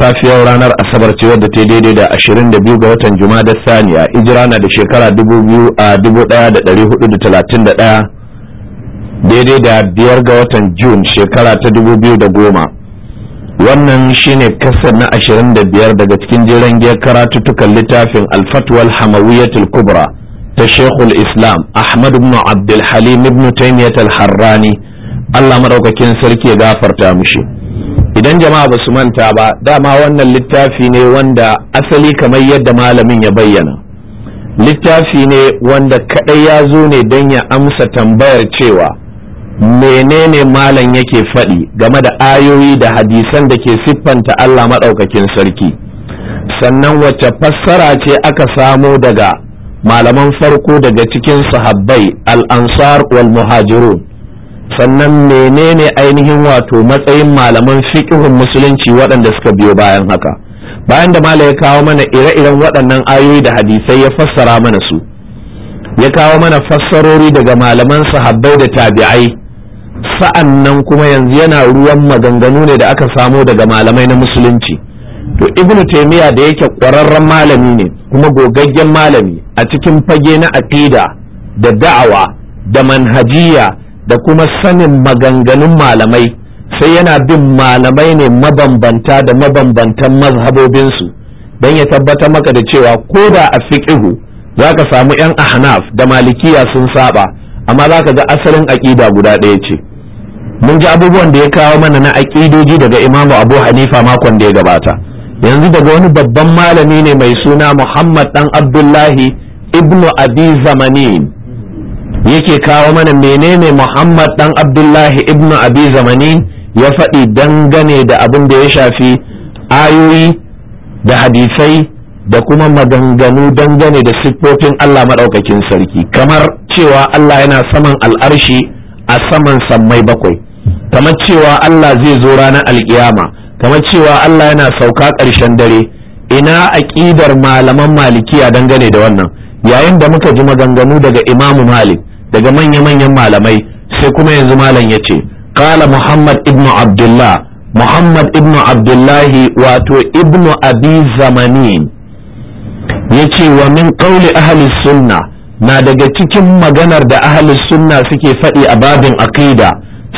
safiyar ranar asabar ce wadda ta daidai da 22 ga watan juma'a saniya ijira na da shekara 2431 daidai da biyar ga watan jun shekara ta 2010 wannan shine kasar na 25 daga cikin jiran giyar karatuttukan littafin alfatwal hamawiyatul kubra ta shekul islam ahmad ibn abdulhalim ibn taimiyat al-harrani allah maɗaukakin sarki ya gafarta shi. idan jama'a ba su manta ba dama wannan littafi ne wanda asali kamar yadda malamin ya bayyana littafi ne wanda kadai ya zo ne don ya amsa tambayar cewa menene malam yake faɗi game da ayoyi da hadisan da ke siffanta Allah maɗaukakin sarki sannan wacce fassara ce aka samo daga malaman farko daga cikin sahabbai al-ansar wal muhajirun sannan menene ainihin wato matsayin malaman fiqhun musulunci waɗanda suka biyo bayan haka bayan da mala ya kawo mana ire-iren waɗannan ayoyi da hadisai ya fassara mana su ya kawo mana fassarori daga malaman sahabbai da tabi'ai sa'an nan kuma yanzu yana ruwan maganganu ne da aka samo daga malamai na musulunci to ibnu taimiyya da yake ƙwararren malami ne kuma gogaggen malami a cikin fage na aqida da da'awa da manhajiya da kuma sanin maganganun malamai sai yana bin malamai ne mabambanta da mabambantan mazhabobinsu don ya tabbatar maka da cewa ko da a fiƙihu za ka samu 'yan ahnaf da malikiya sun saba amma za ka ga asalin aƙida guda ɗaya ce mun ji abubuwan da ya kawo mana na aƙidoji daga imamu abu hanifa makon da ya gabata yanzu daga wani babban malami ne mai suna muhammad dan abdullahi ibnu abi zamanin yake kawo mana menene muhammad dan abdullahi ibn abi zamani ya faɗi dangane da abin da ya shafi ayoyi da hadisai da kuma maganganu dangane da siffofin allah maɗaukakin sarki kamar cewa allah yana saman al'arshi a saman sammai bakwai kamar cewa allah zai zo ranar alkiyama kamar cewa allah yana sauka ƙarshen dare ina aƙidar malaman malikiya dangane da wannan yayin da muka ji maganganu daga imamu malik daga manya-manyan malamai sai kuma yanzu malam ya ce kala muhammad ibnu abdullah muhammad ibnu abdullahi wato ibnu abi zamanin ya ce wa min ƙauli ahli sunna na daga cikin maganar da ahli sunna suke faɗi a babin aqida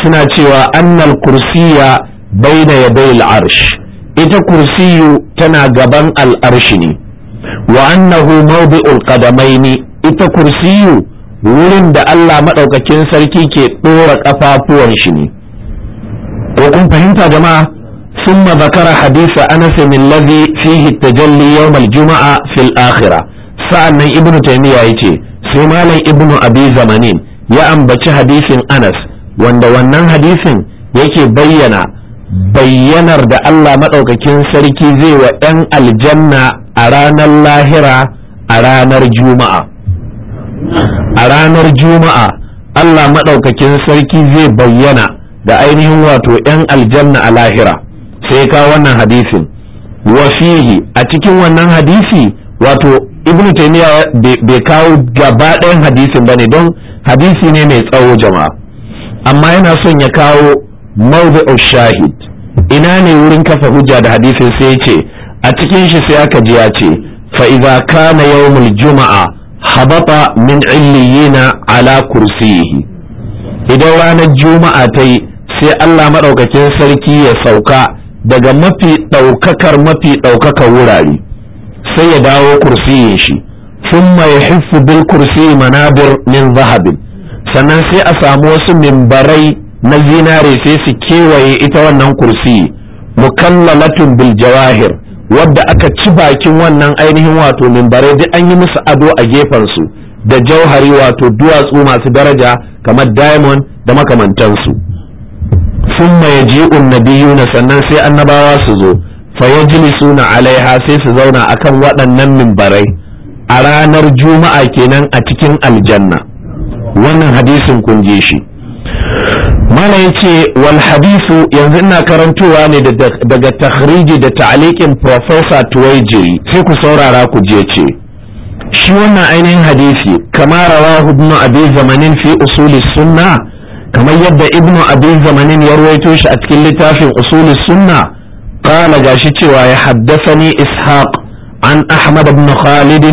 suna cewa annal kursiya baina bai arsh ita kursiyu tana gaban al'arshi ne wa annahu mawdi'ul qadamaini ita kursiyu wurin da Allah maɗaukakin sarki ke ɗora ƙafafuwan shi ne ko kun fahimta jama'a sun ذكر حديث أنس الذي فيه التجلي يوم الجمعة fil الآخرة sa'an nan ibnu taimiyya ya ce sai malam ibnu abi zamanin ya ambaci hadisin anas wanda wannan hadisin yake bayyana bayyanar da allah maɗaukakin sarki zai wa ɗan aljanna a ranar lahira a ranar juma'a a ranar juma'a Allah maɗaukakin sarki zai bayyana da ainihin wato 'yan aljanna a lahira sai ka wannan hadisin wafihi a cikin wannan hadisi wato ibnu taymiya bai kawo gabaɗayan ɗayan ba ne don hadisi ne mai tsawo jama'a amma yana son ya kawo mawdu'u shahid ina ne wurin kafa hujja da hadisin sai ce a cikin shi sai aka ji ya ce fa idza kana yawmul juma'a hababa min illiyina ala kursiyihi idan ranar juma'a ta yi sai Allah maɗaukakin sarki ya sauka daga mafi ɗaukakar mafi ɗaukakar wurare sai ya dawo kursiyin shi sun mai hiffu bil kursi manabir min zahabin sannan sai a samu wasu mimbarai na zinare sai su kewaye ita wannan kursi mukallalatun bil jawahir wadda aka ci bakin wannan ainihin wato mimbare duk an yi musu ado a gefen su, da jauhari wato duwatsu masu daraja kamar diamond da makamantansu mai ji nabiyuna sannan sai annabawa su zo fa yajlisuna alaiha sai su zauna akan waɗannan mimbarai a ranar juma'a kenan a cikin aljanna wannan hadisin kun je shi mana ya ce wal hadithu yanzu ina karantowa ne daga takhriji da ta'alikin professor tuwaijiri sai ku saurara ku je ce shi wannan ainihin hadisi kama rawahu ibn abi zamanin fi usuli sunna kamar yadda ibn abi zamanin ya ruwaito shi a cikin littafin usuli sunna qala gashi cewa ya haddathani ishaq an ahmad ibn khalid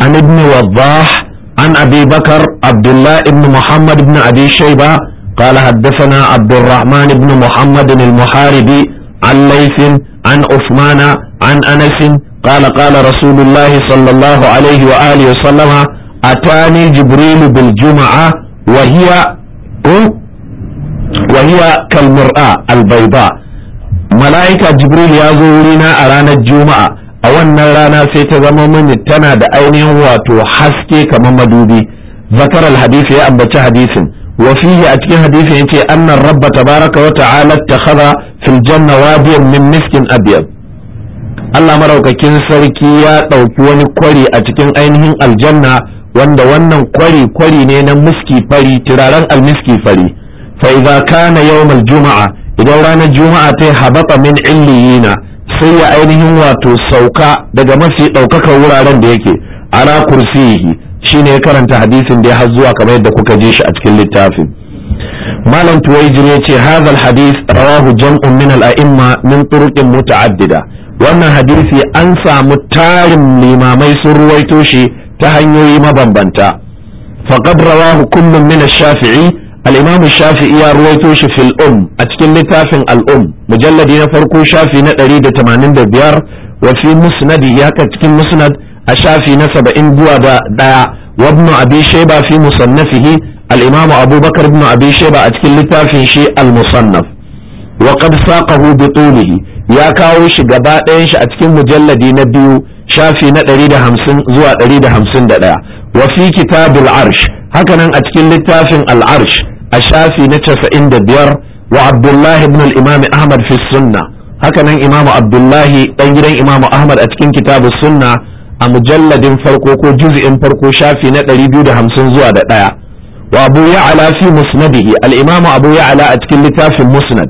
an ibn wadhah عن أبي بكر عبد الله بن محمد بن أبي شيبة قال حدثنا عبد الرحمن بن محمد المحاربي عن ليث عن عثمان عن أنس قال قال رسول الله صلى الله عليه وآله وسلم أتاني جبريل بالجمعة وهي وهي كالمرأة البيضاء ملائكة جبريل يا زورنا أرانا الجمعة a wannan rana sai ta zama mani tana da ainihin wato haske kamar madubi zakar alhadisi ya ambaci hadisin wa fihi a cikin hadisin yace annar rabba tabaraka wa ta'ala takhadha fil janna wadiyan min miskin abyad Allah maraukakin sarki ya ɗauki wani kwari a cikin ainihin aljanna wanda wannan kwari kwari ne na miski fari turaren almiski fari fa idza kana yawmal juma'a idan ranar juma'a ta habata min illiyina sai ya ainihin wato sauka daga mafi ɗaukakar wuraren da yake ala kursiyihi shine ya karanta hadisin da ya har zuwa kamar yadda kuka ji shi a cikin littafin malam tuwaijir ya ce hadal hadis rawahu jam'un min al'a'imma min turuqin muta'addida wannan hadisi an samu tarin limamai sun ruwaito shi ta hanyoyi mabambanta faqad rawahu kullun min ash-shafi'i al'imamin imam shafi'i ya ruwaito shi fil um a cikin littafin al'um mujalladi na farko shafi na 185 wa fi musnadi ya ka cikin musnad a shafi na 70 zuwa daya wa ibn abi fi musannafihi al-imam abubakar bin abi shayba a cikin littafin shi al-musannaf wa qad ya kawo shi gaba ɗayan shi a cikin mujalladi na biyu shafi na zuwa arsh hakanan a cikin littafin al'arsh a shafi na casa'in da biyar wa abdullahi ibn al ahmad fi hakanan imamu abdullahi ɗan gidan imamu ahmad a cikin kitabu sunna a mujalladin farko ko juz'in farko shafi na ɗari biyu da hamsin zuwa da ɗaya wa abu ya'ala fi musnadihi al-imam abu ya'ala a cikin littafin musnad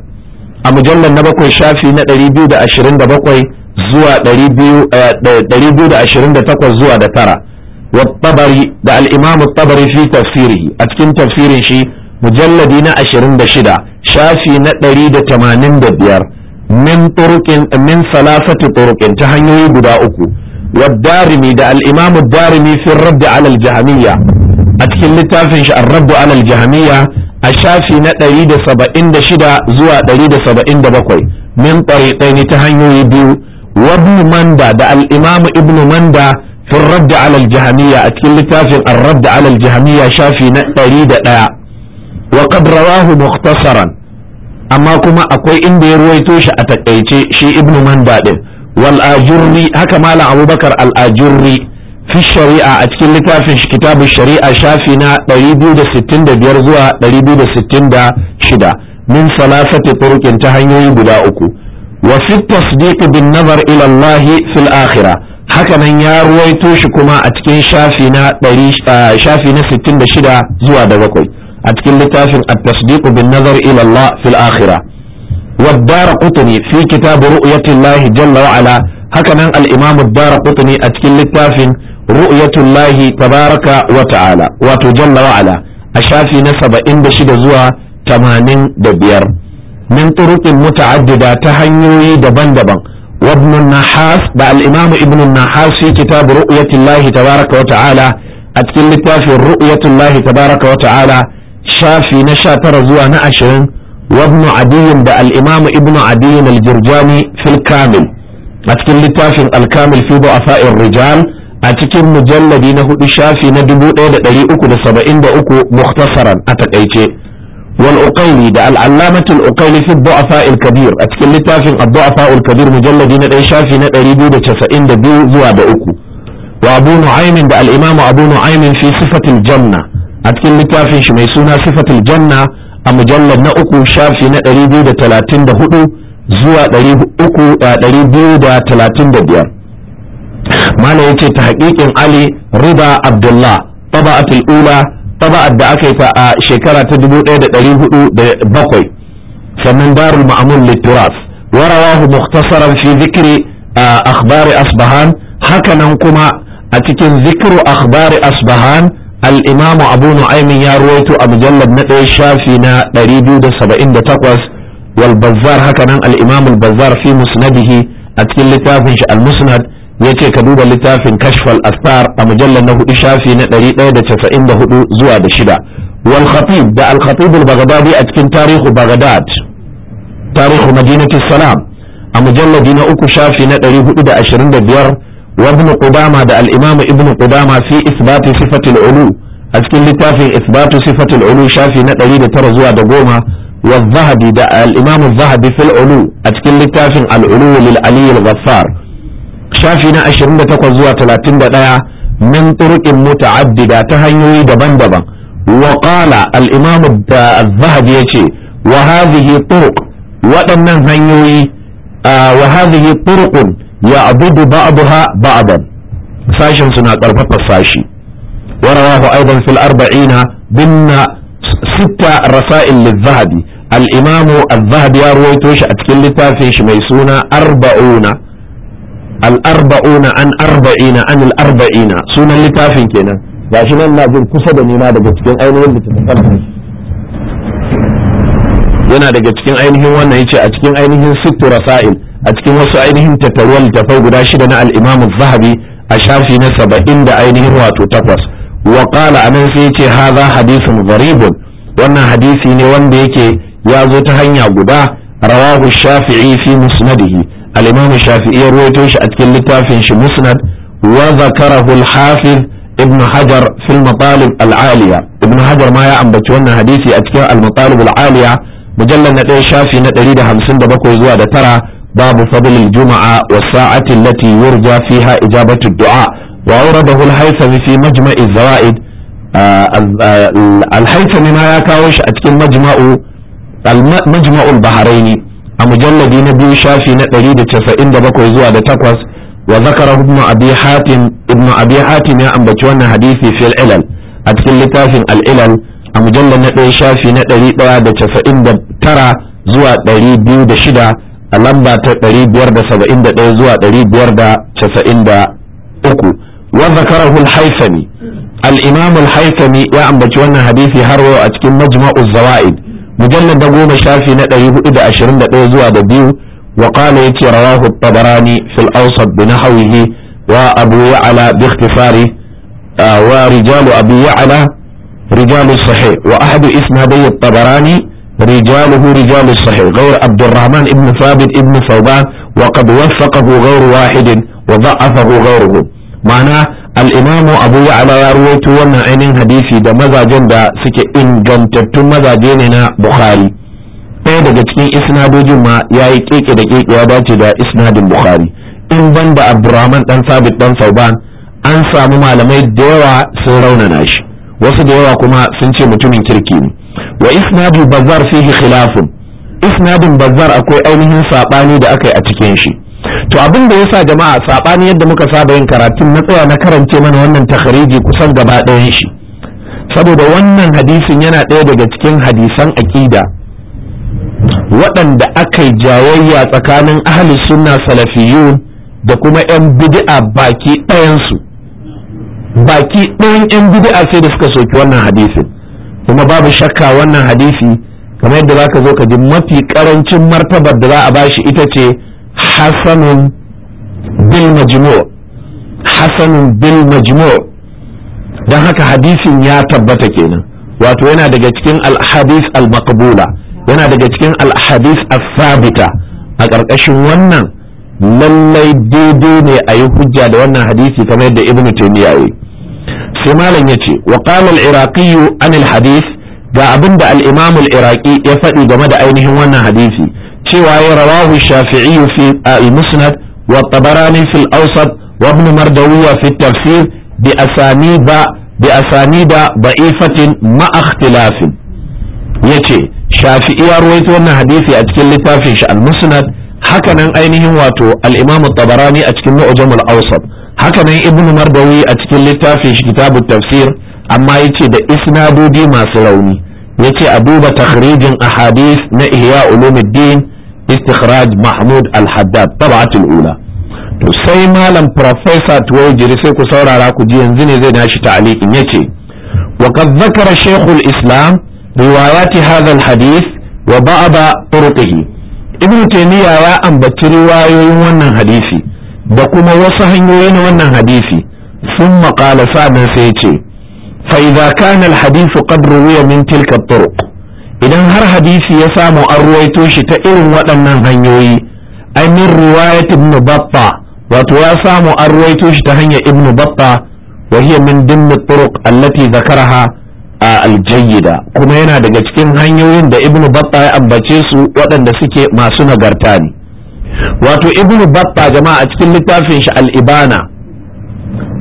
a mujallar na bakwai shafi na ɗari biyu da ashirin da bakwai zuwa ɗari biyu eh, da ashirin da takwas zuwa da tara والطبري ده الإمام الطبري في تفسيره أتكن تفسير شيء mujalladi na 26 shafi na 185 min turqin min salasati turqin ta hanyoyi guda uku والدارمي ده الإمام الدارمي في الرد على الجهمية أتكلم لتافنش الرد على الجهمية أشافي نتريد سبعين شدة زوى تريد سبعين بقوي من طريقين تهنيو يبيو وابن مندى ده الإمام ابن مندى في الرد على الجهمية أتكلم لتافن الرد على الجهمية شافي نتريد لا wa qad rawahu amma kuma akwai inda ya ruwaito shi a takaice shi ibnu manda din wal haka malam abubakar al fi shari'a a cikin littafin shi shari'a shafi na 265 zuwa 266 min salasati turuqin ta hanyoyi guda uku wa fi tasdiq bin nazar ila Allah fil akhirah haka nan ya ruwaito shi kuma a cikin shafi na shafi na 66 zuwa da bakwai a cikin littafin at-tasdiq bin nazar ila Allah fil akhira wa ad-darqutni fi kitab ru'yati Allah jalla wa ala haka nan al-imam ad-darqutni a cikin littafin ru'yatu Allah tabaraka wa ta'ala wato jalla wa a shafi na shida zuwa 85 min turuqin muta'addida ta hanyoyi daban-daban وابن النحاس ده الإمام ابن النحاس في كتاب رؤية الله تبارك وتعالى أتكلم في رؤية الله shafi na sha tara zuwa na ashirin وابن عدي ده الإمام ابن عدي الجرجاني في الكامل أتكلم لتافن الكامل في ضعفاء الرجال أتكلم مجلد نهو شافي ندبو إيدا دلي أكو سبعين أكو مختصرا أتكيتي والأقيلي ده العلامة الأقيلي في الضعفاء الكبير أتكلم لتافن الضعفاء الكبير مجلد ندري شافي ندري بو ده تسعين دبو زوا أكو وأبو نعيم ده الإمام أبو نعيم في صفة الجنة a cikin littafin shi mai suna sifatul janna a mujallar na uku shafi na 234 zuwa 235 mala ya ce ta haƙiƙin ali riba abdullah taba'atul ula taba'at da aka yi ta a shekara ta 1407 sannan darul ma'amun litturaf warawahu muktasaran fi zikiri akhbari asbahan hakanan kuma a cikin zikru akhbari asbahan al'imamu imamu abu nu'aymin ya ruwaito a mujallad na ɗaya shafi na 278 wal bazzar haka nan al-imamu al-bazzar fi musnadihi a cikin littafin shi almusnad ya ce ka duba littafin kashfal asfar a mujallar na hudu shafi na 194 zuwa da shida wal khatib da al khatib al a cikin tarihu salam a mujalladi na uku shafi na wa ibn da al ibnu ibn qudama isbati sifati al-ulu a cikin littafin isbatu sifati al-ulu shafi na 109 zuwa da goma wa zahabi da al-imam az-zahabi fil ulu a cikin littafin al-ulu lil ali al-ghaffar shafi na 28 zuwa 31 min muta'addida ta hanyoyi daban-daban wa yace wa hadhihi turuq waɗannan ya abudu ba'daha ba'dan sashin suna karfafa sashi wa rawahu aidan fil arba'ina binna sitta rasail lidh-dhahabi al-imam ya ruwaito shi a cikin littafin shi mai suna arba'una al-arba'una an arba'ina an al-arba'ina sunan littafin kenan shi nan na jin kusa da nima daga cikin ainihin littafin yana daga cikin ainihin wannan yace a cikin ainihin sittu rasail a cikin wasu ainihin tattaruwar littafai guda shida na al zahabi a shafi na saba'in da ainihin wato takwas wa qala anan sai yace hadha hadisin gharibun wannan hadisi ne wanda yake ya zo ta hanya guda rawahu shafi'i fi musnadihi al shafi'i ya shi a cikin littafin shi musnad wa zakarahu al-hafiz ibn hajar fi al-matalib al-aliya ibn hajar ma ya ambaci wannan hadisi a cikin al-matalib al-aliya mujallal na ɗaya shafi na 157 zuwa da tara باب فضل الجمعة والساعة التي يرجى فيها إجابة الدعاء وأورده الهيثمي في مجمع الزوائد الهيثمي ما يكاوش أتكلم مجمع مجمع البحريني مجلد نبي شافي نقري تسعين دبكو زوا تقوس وذكره ابن أبي حاتم ابن أبي حاتم يا أنبتشوانا حديثي في العلل أتكلم لتافن العلل مجلد نبي شافي نقري تسعين دبكو ترى زوا 206 a lamba ta 571 zuwa 593 wa zakarahu al-haythami al-imam al-haythami ya ambaci wannan hadisi har a cikin majma'u zawaid mujallar da goma shafi na 421 zuwa da biyu wa ya yace rawahu at-tabarani fil awsat bi nahwihi wa abu ya'la bi ikhtifari wa rijalu abi ya'la rijalu sahih wa ahadu isnadai at-tabarani رجاله رجال الصحيح غير عبد الرحمن ابن ثابت ابن ثوبان وقد وفقه غير واحد وضعفه غيره معناه الإمام أبو يعلى يرويت وانا عينين حديثي دا مزاجين دا سكي إن جنتت مزاجيننا بخاري ɗaya daga cikin isnadojin ma ya yi keke da keke ya dace da isnadin bukhari in ban da abdurrahman dan sabit dan sauban an samu malamai da yawa sun raunana shi wasu da yawa kuma sun ce mutumin kirki ne wa isnadu bazar fihi khilafun isnadin bazar akwai ainihin sabani da aka yi a cikin shi to abin da yasa jama'a sabani yadda muka saba yin karatun na tsaya na karance mana wannan takhariji kusan gaba ɗayan shi saboda wannan hadisin yana ɗaya daga cikin hadisan aƙida waɗanda aka yi tsakanin ahli sunna salafiyun da kuma 'yan bid'a baki ɗayansu baki ɗayan yan bid'a sai da suka soki wannan hadisin kuma babu shakka wannan hadisi kamar yadda zaka zo ka ji mafi karancin martabar da za a bashi ita ce hasanun bil majmu' hasanun bil majmu' don haka hadisin ya tabbata kenan wato yana daga cikin al-hadis al-maqbula yana daga cikin alhadis hadis sabita a ƙarƙashin wannan lallai daidai ne a yi hujja da wannan hadisi kamar yadda ibnu taymiya yi sai malam ya ce wa qala al an al-hadith ga abinda da al-imam al-iraqi ya faɗi game da ainihin wannan hadisi cewa ya rawahu shafi'i fi al-musnad wa tabarani fi al-awsat wa ibn fi tafsir bi asanida bi asanida da'ifatin ma ikhtilafin yace shafi'i ya ruwaito wannan hadisi a cikin littafin shi al-musnad hakanan ainihin wato al-imam at-tabarani a cikin mu'jam al-awsat haka nan ibnu marbawi a cikin littafin shi kitabu tafsir amma yace da isnadodi masu rauni yace a duba takhrijin ahadis na ihya ulumuddin istikhraj mahmud al-haddad tabatul ula to sai malam professor tuwajiri sai ku saurara ku ji yanzu ne zai nashi ta'aliqin yace wa qad dhakara shaykh al-islam riwayati hadha al-hadith wa ba'da turuqihi ibnu taymiya ya ambaci riwayoyin wannan hadisi da kuma wasu hanyoyi na wannan hadisi sun maƙala sa'adun sai ce fa'iza kanal hadisu ƙadru wuya min tilka turuq idan har hadisi ya samu an ruwaito shi ta irin waɗannan hanyoyi ai min ya ibn babba wato ya samu an ruwaito shi ta hanyar ibn babba wa hiya min dimmi turuq allati zakaraha a aljayyida kuma yana daga cikin hanyoyin da ibn babba ya ambace su waɗanda suke masu nagarta ne wato Ibn batta jama'a a cikin littafin shi al-ibana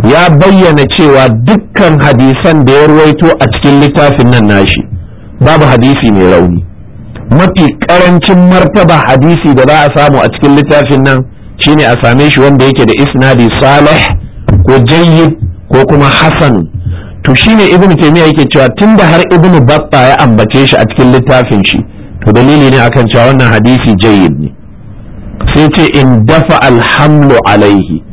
ya bayyana cewa dukkan hadisan da ya ruwaito a cikin littafin nan nashi babu hadisi mai rauni mafi karancin martaba hadisi da za a samu a cikin littafin nan shine a same shi wanda yake da isnadi salih ko jayyid ko kuma hasan to shine ibn taymiya yake cewa tunda har ibn batta ya ambace shi a cikin littafin shi to dalili ne akan cewa wannan hadisi jayyid ne sai ce in dafa alhamlu alaihi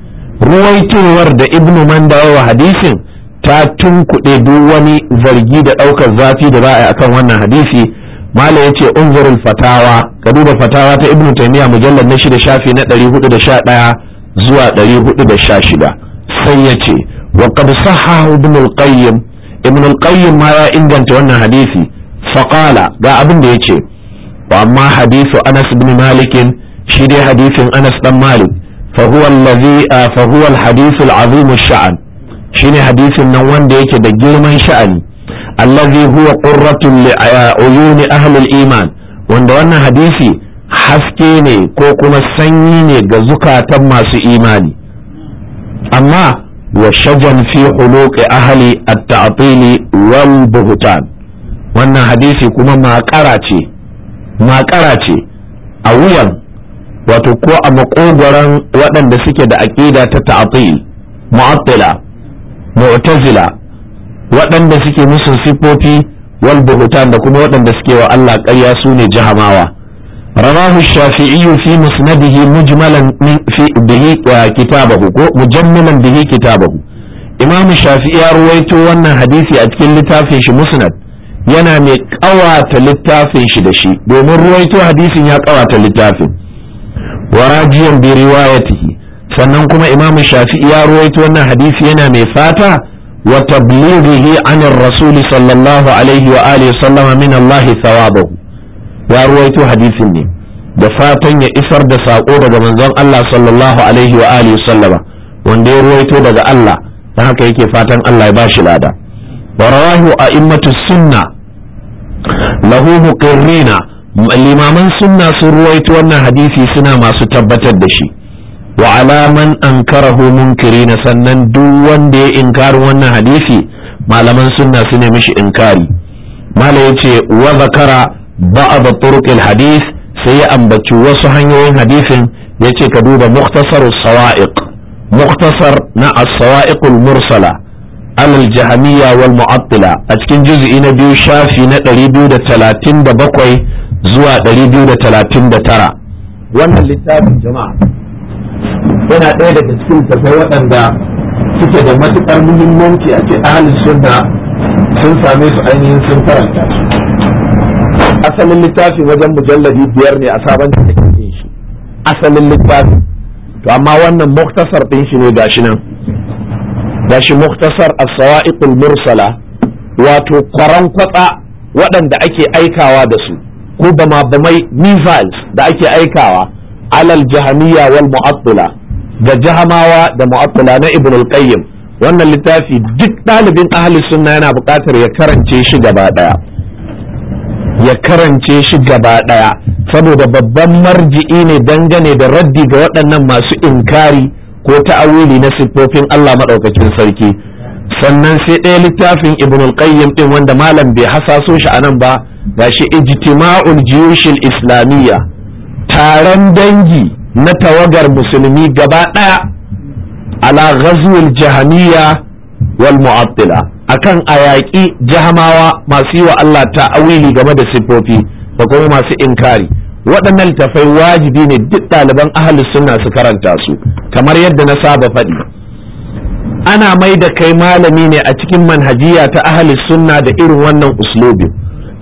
ruwaitowar da ibnu manda wa hadisin ta tunkuɗe duk wani zargi da ɗaukar zafi da za a yi akan wannan hadisi mala ya ce unzurul fatawa ka duba fatawa ta ibnu taymiya mujallar na shida shafi na 411 zuwa 416 sai ya ce wa qad sahahu ibn al-qayyim ibn al ma ya inganta wannan hadisi faqala ga abin da yace wa amma hadisu anas ibn Malikin. shi dai hadisin Anas ɗan Malik fa huwa allazi fa huwa al sha'an shine hadisin nan wanda yake da girman sha'ani allazi huwa qurratun li uyuni ahli iman wanda wannan hadisi haske ne ko kuma sanyi ne ga zukatan masu imani amma wa shajan fi huluqi ahli a tatili wal buhtan wannan hadisi kuma makara ce makara ce a wuyan wato ko a makogoran waɗanda suke da aƙida ta ta'atil mu'attila mu'tazila waɗanda suke musu sifofi wal buhutan da kuma waɗanda suke wa Allah ƙarya su ne jahamawa rawahu shafi'i fi musnadihi mujmalan fi bihi eh, kitabahu ko mujammalan bihi kitabahu imam shafi'i ya ruwaito wannan hadisi a cikin littafin shi musnad yana mai ƙawata littafin shi da shi domin ruwaito hadisin ya ƙawata littafin wa rajiyan bi riwayatihi sannan kuma imam shafi'i ya ruwaito wannan hadisi yana mai fata wa tablighihi an ar sallallahu alaihi wa alihi sallama min Allah thawabahu ya ruwaito hadisi ne da fatan ya isar da sako daga manzon Allah sallallahu alaihi wa alihi sallama wanda ya ruwaito daga Allah dan haka yake fatan Allah ya bashi lada wa rawahu a'immatu sunna lahu muqirrina limaman sunna sun ruwaito wannan hadisi suna masu tabbatar da shi wa alaman an karahu munkiri na sannan duk wanda ya inkari wannan hadisi malaman sunna su ne mishi inkari mala ya ce wa zakara ba'ad turuqil hadis sai ya ambaci wasu hanyoyin hadisin ya ce ka duba muktasar sawa'iq muktasar na as-sawa'iqul mursala alal jahamiyya wal mu'attila a cikin juz'i na biyu shafi na 237 zuwa ɗari biyu da 239 wannan littafin jama'a yana ɗaya daga cikin tafai waɗanda suke da matuƙar muhimmanci a ce ahalin sunna sun same su ainihin sun karanta asalin littafin wajen mujalladi biyar ne a sabon cikin shi asalin littafin to amma wannan muktasar ɗin shi ne gashi nan gashi muktasar sawa sawaiqul mursala wato kwaran kwatsa waɗanda ake aikawa da su ko bama bamai missiles da ake aikawa alal jahamiyya wal mu'attila ga jahamawa da mu'attila na ibn al wannan littafi duk ɗalibin ahli sunna yana buƙatar ya karance shi gaba ɗaya ya karance shi gaba saboda babban marji'i ne dangane da raddi ga waɗannan masu inkari ko ta'awili na siffofin Allah maɗaukakin sarki sannan sai ɗaya littafin ibn al din wanda malam bai hasaso shi anan ba gashi ijtima'ul jiyushil islamiyya taron dangi na tawagar musulmi gaba ɗaya ala ghazwil jahamiyya wal mu'attila akan ayaki jahamawa masu yi wa Allah ta'awili game da siffofi da kuma masu inkari waɗannan littafai wajibi ne duk ɗaliban ahlus sunna su karanta su kamar yadda na saba faɗi ana mai da kai malami ne a cikin manhajiya ta ahlus sunna da irin wannan uslubin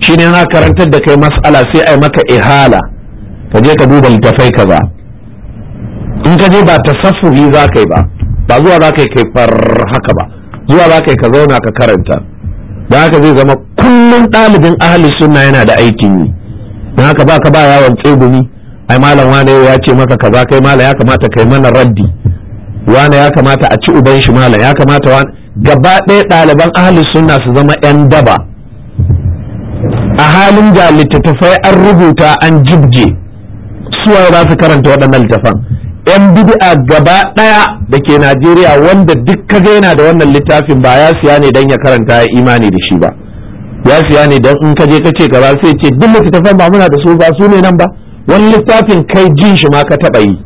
shi ne na karantar da kai mas'ala sai ai maka ihala ka je ka duba littafai kaza in ka je ba ta safuri za ka yi ba ba zuwa za ka yi kai far haka ba zuwa za ka yi ka zauna ka karanta da haka zai zama kullum ɗalibin ahli sunna yana da aikin yi don haka ba ka ba yawon tsegumi ai malam wane ya ce maka kaza kai malam ya kamata kai mana raddi wane ya kamata a ci uban shi malam ya kamata wane gaba ɗaya ɗaliban ahli sunna su zama yan daba a halin da littattafai an rubuta an jibje suwa za su karanta waɗannan littafan yan bid'a gaba ɗaya da ke najeriya wanda duk kaga yana da wannan littafin ba ya siya ne don ya karanta ya imani da shi ba ya siya ne don in je ka ce gaba sai ce duk littattafan ba muna da su ba su ne nan ba wani littafin kai jin shi ma ka taɓa yi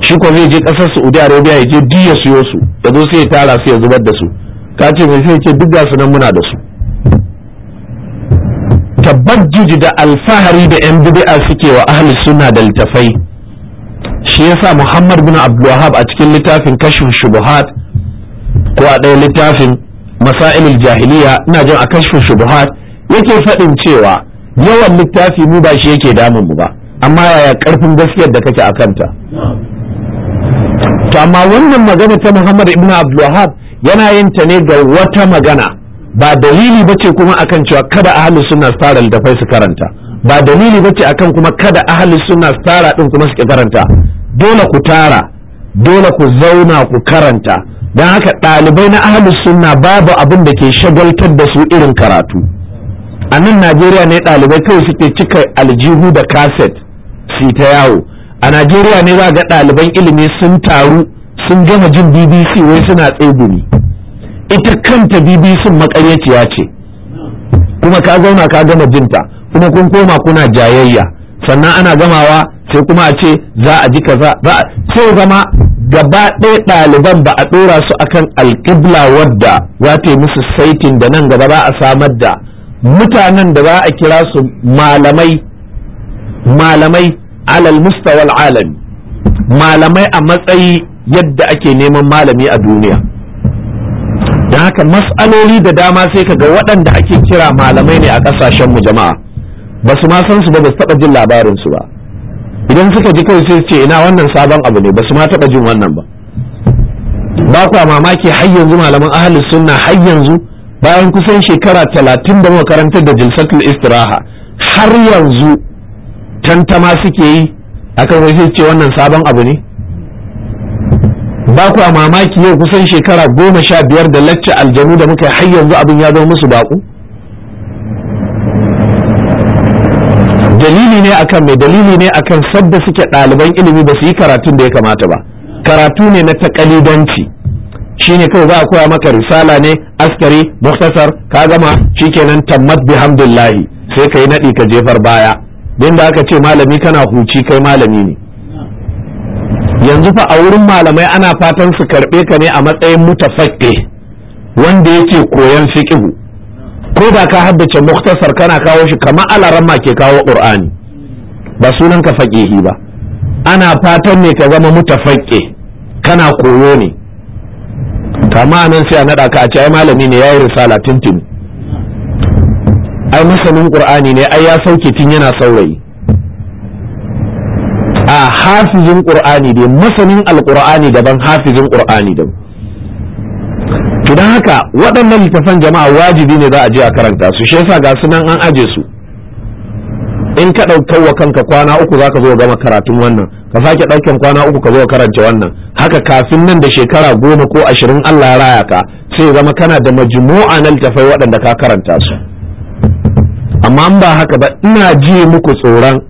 shi ko zai je ƙasar saudi arabia ya je diya siyo su ya zo sai ya tara su ya zubar da su ka ce mai sai ce duk ga su nan muna da su Jiji da alfahari da yan bid'a suke wa ahli sunna da littafai shi yasa Muhammad bin Abdulwahab a cikin littafin kashin shubuhat ko a ɗaya littafin masailul jahiliya ina jin a kashfin shubuhat yake faɗin cewa yawan littafi mu ba shi yake damun mu ba amma yaya ƙarfin gaskiyar da kake a kanta to amma wannan magana ta Muhammad ibn Abdulwahab yana yin ta ne ga wata magana ba dalili bace kuma akan cewa kada ahlus sunna su fara littafai su karanta ba dalili bace akan kuma kada ahlus sunna su tara din kuma su karanta dole ku tara dole ku zauna ku karanta don haka ɗalibai na ahlus sunna babu abin da ke shagaltar da su irin karatu a nan najeriya ne ɗalibai kawai suke cika aljihu da kaset su ta yawo a najeriya ne za ga ɗaliban ilimi sun taru sun gama jin bbc wai suna tsegumi ita kanta bbc makaryaciya ce kuma ka zauna ka gama jinta kuma kun koma kuna jayayya sannan ana gamawa sai kuma a ce za a ji kaza za a ce zama gaba ɗaya ɗaliban ba a ɗora su akan alƙibla wadda za ta yi musu saitin da nan gaba za a samar da mutanen da za a kira su malamai malamai alal mustawal alami malamai a matsayi yadda ake neman malami a duniya da haka mas'aloli da dama sai ka ga waɗanda ake kira malamai ne a ƙasashen mu jama'a ba su ma san su ba ba su taɓa jin labarin ba idan suka ji kawai sai su ce ina wannan sabon abu ne ba su ma taɓa jin wannan ba ba kuwa mamaki har yanzu malaman ahalus sunna har yanzu bayan kusan shekara talatin da makarantar da jilsatul istiraha har yanzu tantama suke yi akan wai ce wannan sabon abu ne ba ku a mamaki yau kusan shekara goma sha biyar da lacca aljanu da muka har yanzu abin ya zama musu baƙo dalili ne akan mai dalili ne akan sadda suke ɗaliban ilimi ba su yi karatun da ya kamata ba karatu ne na takalidanci shine kawai za a koya maka risala ne askari muktasar ka gama shi shikenan tammat bihamdillahi sai ka yi naɗi ka jefar baya don da aka ce malami kana huci kai malami ne yanzu fa a wurin malamai ana fatan su karɓe ka ne a matsayin mutafakke wanda yake koyan fiqhu ko da ka haddace muktasar kana kawo shi kamar alarama ke kawo qur'ani ba sunan ka faqihi ba ana fatan ne ka zama mutafakke kana koyo ne kama nan sai a naɗa ka a ce ai malami ne yayi risala tintin ai masanin qur'ani ne ai ya sauke tun yana saurayi a hafizin qur'ani dai masanin alqur'ani daban hafizin qur'ani daban to dan haka waɗannan littafan jama'a wajibi ne za a je a karanta su shi yasa ga sunan an aje su in ka wa kanka kwana uku za ka zo gama karatun wannan ka sake ɗaukan kwana uku ka zo karanta wannan haka kafin nan da shekara goma ko ashirin Allah ya raya ka sai zama kana da majmu'a na littafai waɗanda ka karanta su amma ba haka ba ina ji muku tsoron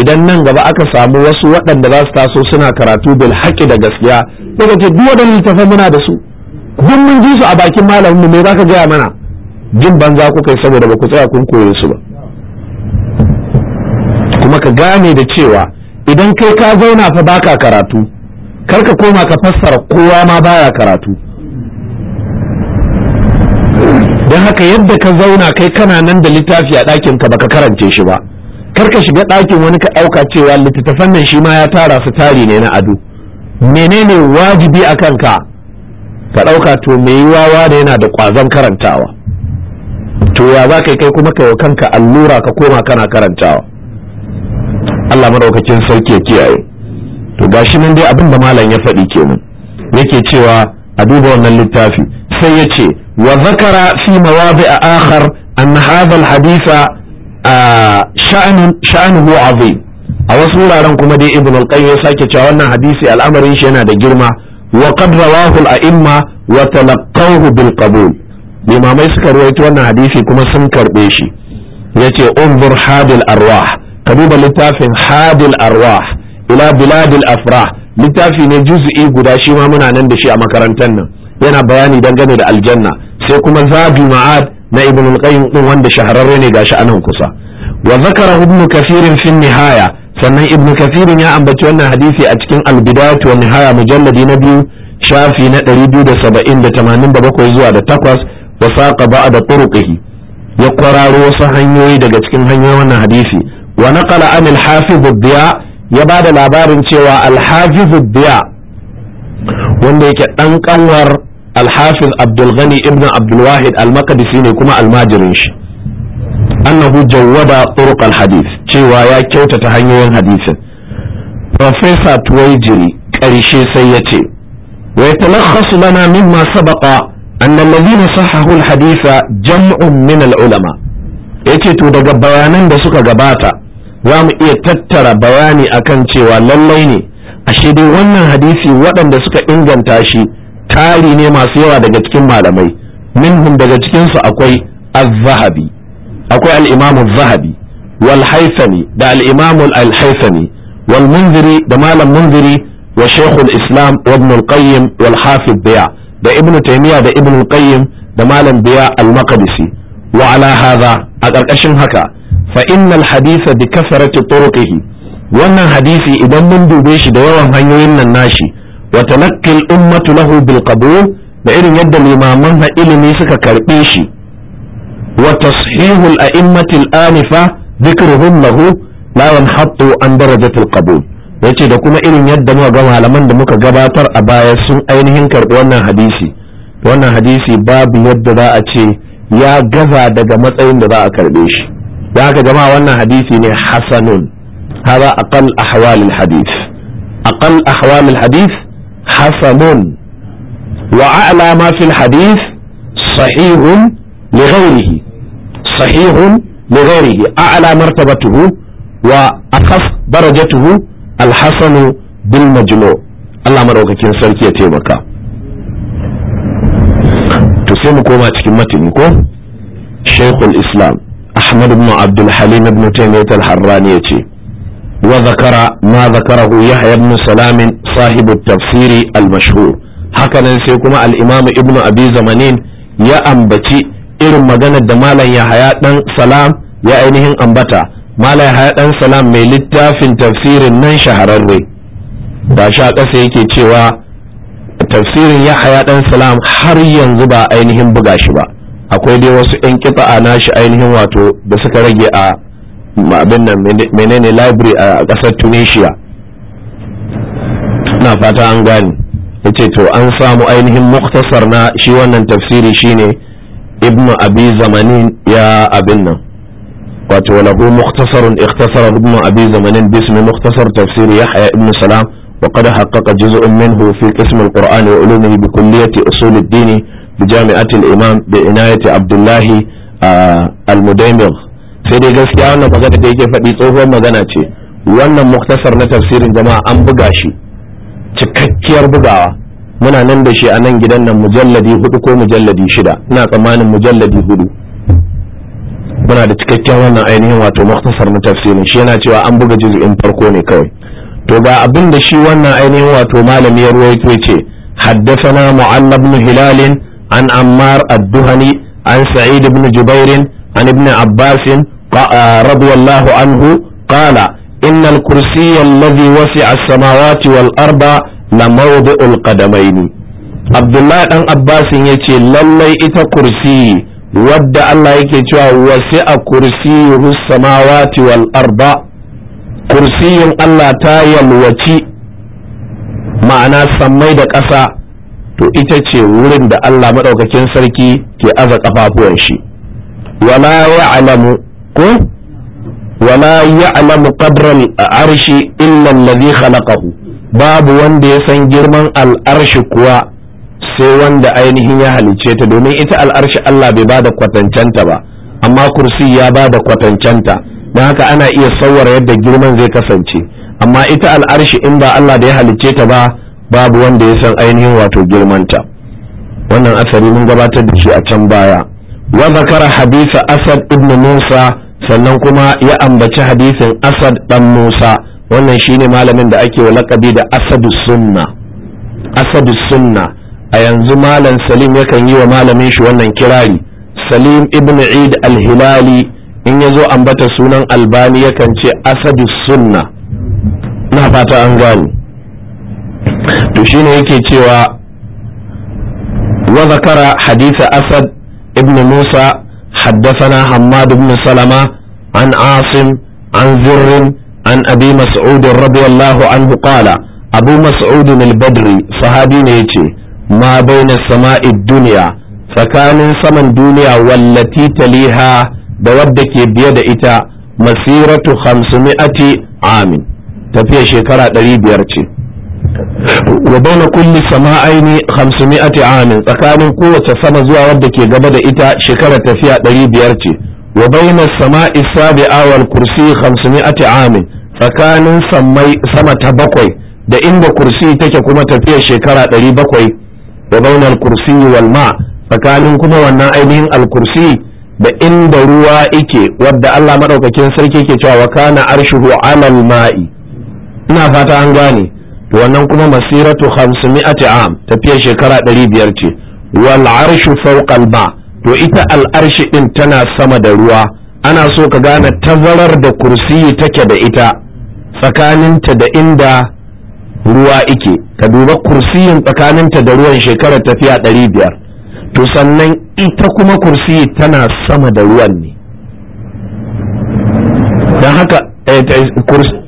idan nan gaba aka samu wasu waɗanda za su taso suna karatu bil haƙi da gaskiya daga ce duk waɗanda littafan muna da su duk mun ji su a bakin malamin mu me za ka gaya mana jin banza ku kai saboda ba ku tsaya kun koye su ba kuma ka gane da cewa idan kai ka zauna fa baka karatu kar ka koma ka fassara kowa ma baya karatu don haka yadda ka zauna kai kana nan da littafi a ɗakin ka baka karance shi ba Kar ka shiga ɗakin wani ka ɗauka cewa littattafan nan shi ma ya tara su tari ne na ado menene wajibi a kanka ka ɗauka to mai wawa da yana da ƙwazon karantawa to ya za ka kai kuma kai wa kanka allura ka koma kana karantawa Allah madaukakin sarki ya kiyaye to gashi nan dai abin da malam ya faɗi kenan yake cewa a duba wannan littafi sai ya ce wa zakara fi mawadi a akhar anna hadha alhadisa sha'anuhu azim a wasu wuraren kuma dai ibn al-qayyim ya sake cewa wannan hadisi al'amarin shi yana da girma wa qad rawahu al-a'imma wa bil qabul limamai suka ruwaito wannan hadisi kuma sun karbe shi yace umbur hadil arwah ka duba littafin hadil arwah ila biladil afrah littafi ne juz'i guda shi ma muna nan da shi a makarantar nan yana bayani dangane da aljanna sai kuma zabi ma'ad na ibn al-qayyim din wanda shahararre ne gashi anan kusa wa zakara ibn kathir fi nihaya sannan ibn kathir ya ambaci wannan hadisi a cikin al-bidayat wa nihaya mujalladi na biyu shafi na 270 da zuwa da 8 wa saqa ba'da turuqihi ya kwararo wasu hanyoyi daga cikin hanyoyin wannan hadisi wa naqala an al-hafiz ad-diya ya bada labarin cewa al-hafiz ad-diya wanda yake dan kanwar alhafin abdulghani ibn abdulwahid al-makadisi ne kuma almajirin shi annahu jawwada turuq al cewa ya kyautata hanyoyin hadisin professor tuwaijiri ƙarshe sai ya ce wa yatalakhasu lana mimma sabaqa anna alladhina sahahu al jam'un min al-ulama yace to daga bayanan da suka gabata za mu iya tattara bayani akan cewa lallai ne ashe dai wannan hadisi waɗanda suka inganta shi tari ne masu yawa daga cikin malamai minhum daga cikinsu akwai al zahabi akwai al-imam zahabi wal haythami da al imamu al-haythami wal munziri da malam munziri wa shaykh islam wa ibn al-qayyim wal hafiz biya da ibn taymiya da ibn al-qayyim da malam biya al-maqdisi wa ala hadha a ƙarƙashin haka fa innal haditha bi kasrati turuqihi wannan hadisi idan mun dube shi da yawan hanyoyin nan nashi wa talaqqi ummatu lahu bil da irin yadda limaman na ilimi suka karbe shi wa tashihul a'immatil anifa dhikruhum lahu la yanhattu an darajatil qabul yace da kuma irin yadda muka ga malaman da muka gabatar a baya sun ainihin karbi wannan hadisi wannan hadisi babu yadda za a ce ya gaza daga matsayin da za a karbe shi da haka wannan hadisi ne hasanun hada aqal ahwal al hadith aqal ahwal al hadith حسن وأعلى ما في الحديث صحيح لغيره صحيح لغيره أعلى مرتبته وأخف درجته الحسن بالمجلو الله مروكين سلكي يتيمك تسيمك وما تكمتنك شيخ الإسلام أحمد بن عبد الحليم بن تيمية الحراني يتيم وذكر ما ذكره يحيى بن salamin صاحب التفسير المشهور hakanan sai kuma al'imamu ibnu Abizamanin ya ambaci irin maganar da malam yahaya dan ya ainihin ambata malam yahaya dan mai littafin tafsirin nan shahararre da sha ƙasa yake cewa tafsirin yahaya dan salam har yanzu ba ainihin buga shi ba akwai dai wasu 'yan kifa'a nashi ainihin wato da suka rage a abin nan menene library a ƙasar tunisia na fata an gane ya ce to an samu ainihin muktasar na shi wannan tafsiri shine ibnu abi zamanin ya abin nan wato lahu muktasarun ikhtasara ibnu abi zamanin bismi muktasar tafsiri yahya ibnu salam وقد حقق جزء منه في قسم القرآن وعلومه بكلية أصول الدين imam الإمام inayati عبد الله المديمغ sai dai gaskiya wannan magana da yake faɗi tsohuwar magana ce wannan muktasar na tafsirin jama'a an buga shi cikakkiyar bugawa muna nan da shi a nan gidan nan mujalladi hudu ko mujalladi shida ina tsammanin mujalladi hudu muna da cikakken wannan ainihin wato muktasar na tafsirin shi yana cewa an buga juz'in farko ne kawai to ga abin da shi wannan ainihin wato malami ya ruwaito ce حدثنا معل بن هلال عن عمار الدهني عن سعيد بن جبير عن ابن عباس رضي الله عنه قال إن الكرسي الذي وسع السماوات والأرض لموضع القدمين عبد الله بن عباس يجي للي إتا كرسي ود الله يكي وسع كرسي السماوات والأرض كرسي الله تايا الوتي معنى سميد كسا to ita ce wurin da Allah maɗaukakin sarki ke aza ƙafafuwan shi wala ya'lamu ko wala alamu qadran arshi illa alladhi khalaqahu babu wanda ya san girman al'arshi kuwa sai wanda ainihin ya halice ta domin ita al'arshi Allah bai bada kwatancanta ba amma kursi ya bada kwatancanta don haka ana iya sawara yadda girman zai kasance amma ita al'arshi in ba Allah da ya halice ta ba babu wanda ya san ainihin wato girman ta wannan asari mun gabatar da shi a can baya wa zakara hadisa asad ibn musa sannan kuma ya ambaci hadisin asad dan musa wannan shine malamin da ake wa lakabi da asadu sunna asadu sunna a yanzu malam salim yakan yi wa malamin shi wannan kirari salim ibn eid al-hilali in ya zo ambata sunan albani yakan ce asadu sunna na fata an gani to shine yake cewa wa zakara hadisa asad ibn musa حدثنا حماد بن سلمة عن عاصم عن زر عن أبي مسعود رضي الله عنه قال أبو مسعود البدري صحابي نيتي ما بين السماء الدنيا tsakanin saman duniya wallati taliha da wadda ke biye da ita masiratu hamsumi'ati amin tafiya shekara ɗari biyar ce wa baina kulli sama'aini 500 amin tsakanin kowace sama zuwa wadda ke gaba da ita shekarar tafiya biyar ce wa baina sama'i sabi'a wal kursi 500 amin tsakanin sammai sama ta bakwai da inda kursi take kuma tafiyar shekara 700 wa baina al kursi wal tsakanin kuma wannan ainihin al kursi da inda ruwa ike wadda Allah maɗaukakin sarki ke cewa wa kana arshuhu alal ma'i ina fata an gane to wannan kuma masiratu 500 am tafiyar shekara 500 ce wal arshu fawqa ma to ita al arshi din tana sama da ruwa ana so ka gane tazarar da kursiyi take da ita tsakaninta da inda ruwa ike ka duba kursiyin tsakaninta da ruwan shekarar tafiya biyar. to sannan ita kuma kursiyi tana sama da ruwan ne don haka eh, eh,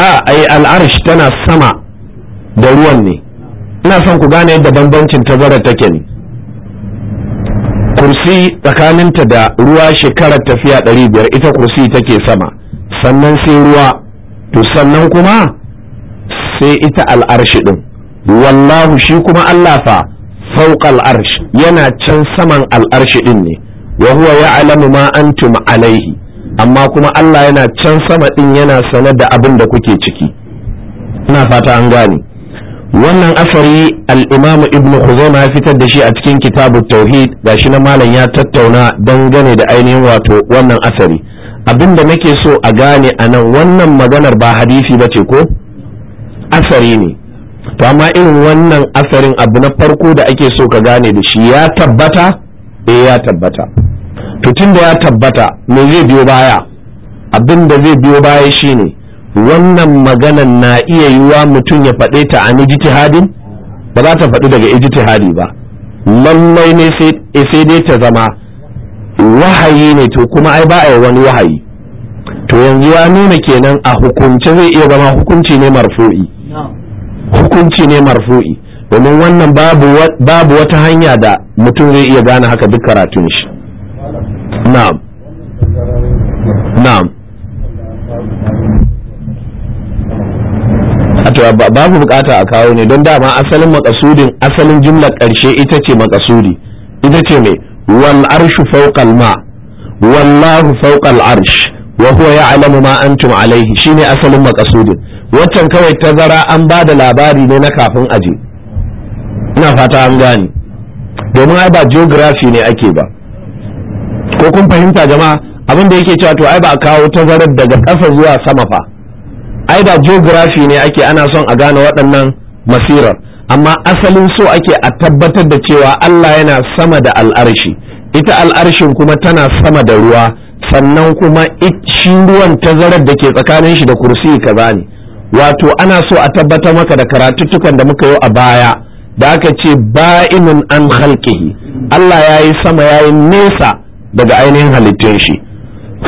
a ai al'arsh tana sama da ruwan ne ina son ku gane yadda bambancin tazarar take ne kursi tsakaninta da ruwa shekarar tafiya 500 ita kursi take sama sannan sai ruwa to sannan kuma sai ita al'arshi ɗin wallahu shi kuma Allah fa fauƙal arsh yana can saman al'arshi ɗin ne wa huwa ya'lamu ma antum alaihi amma kuma Allah yana can sama ɗin yana sane da abin da kuke ciki ina fata an gane wannan asari al al'imamu ibn khuzaimah ya fitar da shi a cikin kitabu tauhid gashi na malam ya tattauna gane da ainihin wato wannan asari abin da nake so a gane a nan wannan maganar ba hadisi ba ce ko asari ne to amma irin wannan asarin abu na farko da ake so ka gane da shi ya tabbata eh ya tabbata to tun da ya tabbata me zai biyo baya abin da zai biyo baya shine wannan maganan na iya yiwa mutum ya faɗe ta an ijtihadin ba za ta faɗi daga ijtihadi ba lallai ne sai eh, dai ta zama wahayi ne to kuma ai ba a wani wahayi to yanzu ya nuna kenan a hukunce zai iya zama hukunci ne marfu'i hukunci ne marfu'i domin wannan babu wata hanya da mutum zai iya gane haka duk karatun shi na'am na'am babu bukata a kawo ne don dama asalin makasudin asalin jimlar karshe ita ce makasudi ita ce mai wal arshu fawqal ma wallahu fawqal arsh wa huwa ya'lamu ma antum alaihi shine asalin makasudin waccan kawai tazara an ba da labari ne na kafin aje ina fata an gane domin ai ba geography ne ake ba ko kun fahimta jama'a abin da yake cewa to ai ba a kawo tazarar daga ƙasa zuwa sama fa ai da geography ne ake ana son a gane waɗannan masirar amma asalin so ake a tabbatar da cewa Allah yana sama da al'arshi ita al'arshin kuma tana sama da ruwa sannan kuma shi ruwan tazarar da ke tsakanin shi da kursi kaza ne wato ana so a tabbatar maka da karatuttukan da muka yi a baya da aka ce ba'inun an halƙihi Allah ya yi sama ya yi nesa daga ainihin halittun shi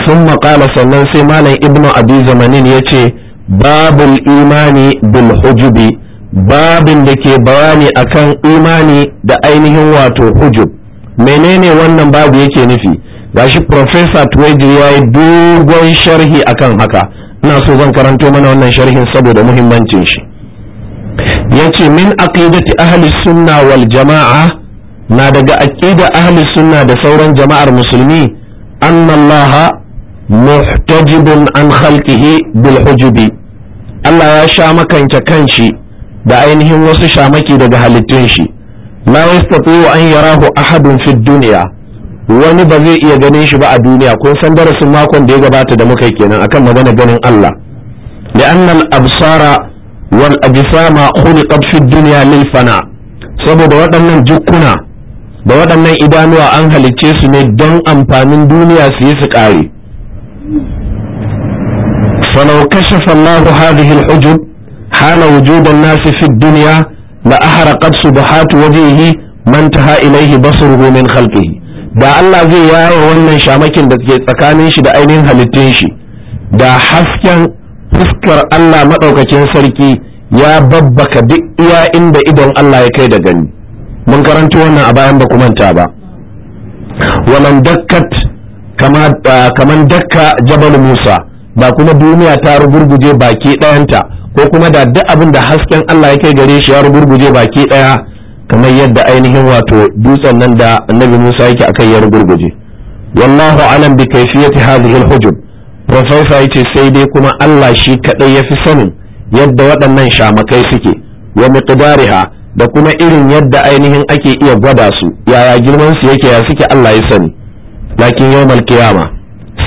sun maƙala sannan sai malam ibnu abi zamanin ya ce babul imani bil hujubi babin da ke bayani akan imani da ainihin wato hujub menene wannan babu yake nufi gashi professor tuwaiji ya yi dogon sharhi akan haka ina so zan karanto mana wannan sharhin saboda muhimmancin shi ce min aqidati ahli sunna wal jama'a na daga aqida ahli sunna da sauran jama'ar musulmi anna Allah muhtajibun an khalqihi bil hujubi Allah ya sha makanta kanshi da ainihin wasu shamaki daga halittun shi la yastati'u an yarahu ahadun fid dunya wani ba zai iya ganin shi ba a duniya kun san darasin makon da ya gabata da muka kenan akan magana ganin Allah لأن الأبصار والأجسام خلقت في الدنيا للفناء saboda waɗannan jukkuna da waɗannan idanuwa an halicce su ne don amfanin duniya su yi su ƙare فلو كشف الله na الحجب حال duniya الناس في الدنيا لأحرقت سبحات وجهه ما انتهى إليه بصره من خلقه da Allah zai yawo wannan shamakin da ke tsakanin shi da ainihin halittun shi da hasken fuskar Allah maɗaukakin sarki ya babbaka duk iya inda idon Allah ya kai da gani mun karanto wannan a bayan ba manta ba walan dakkat kaman dakka jabal musa ba kuma duniya ta rugurguje baki ɗayanta ko kuma da duk abin da hasken Allah ya kai gare shi ya rugurguje baki ɗaya kamar yadda ainihin wato dutsen nan da annabi Musa yake akai ya rugurguje wallahu alam bi kayfiyati hadhihi alhujub professor yace sai dai kuma Allah shi kadai yafi sanin yadda waɗannan shamakai suke wa miqdariha da kuma irin yadda ainihin ake iya gwada su yaya girman su yake ya suke Allah ya sani lakin yawmal qiyama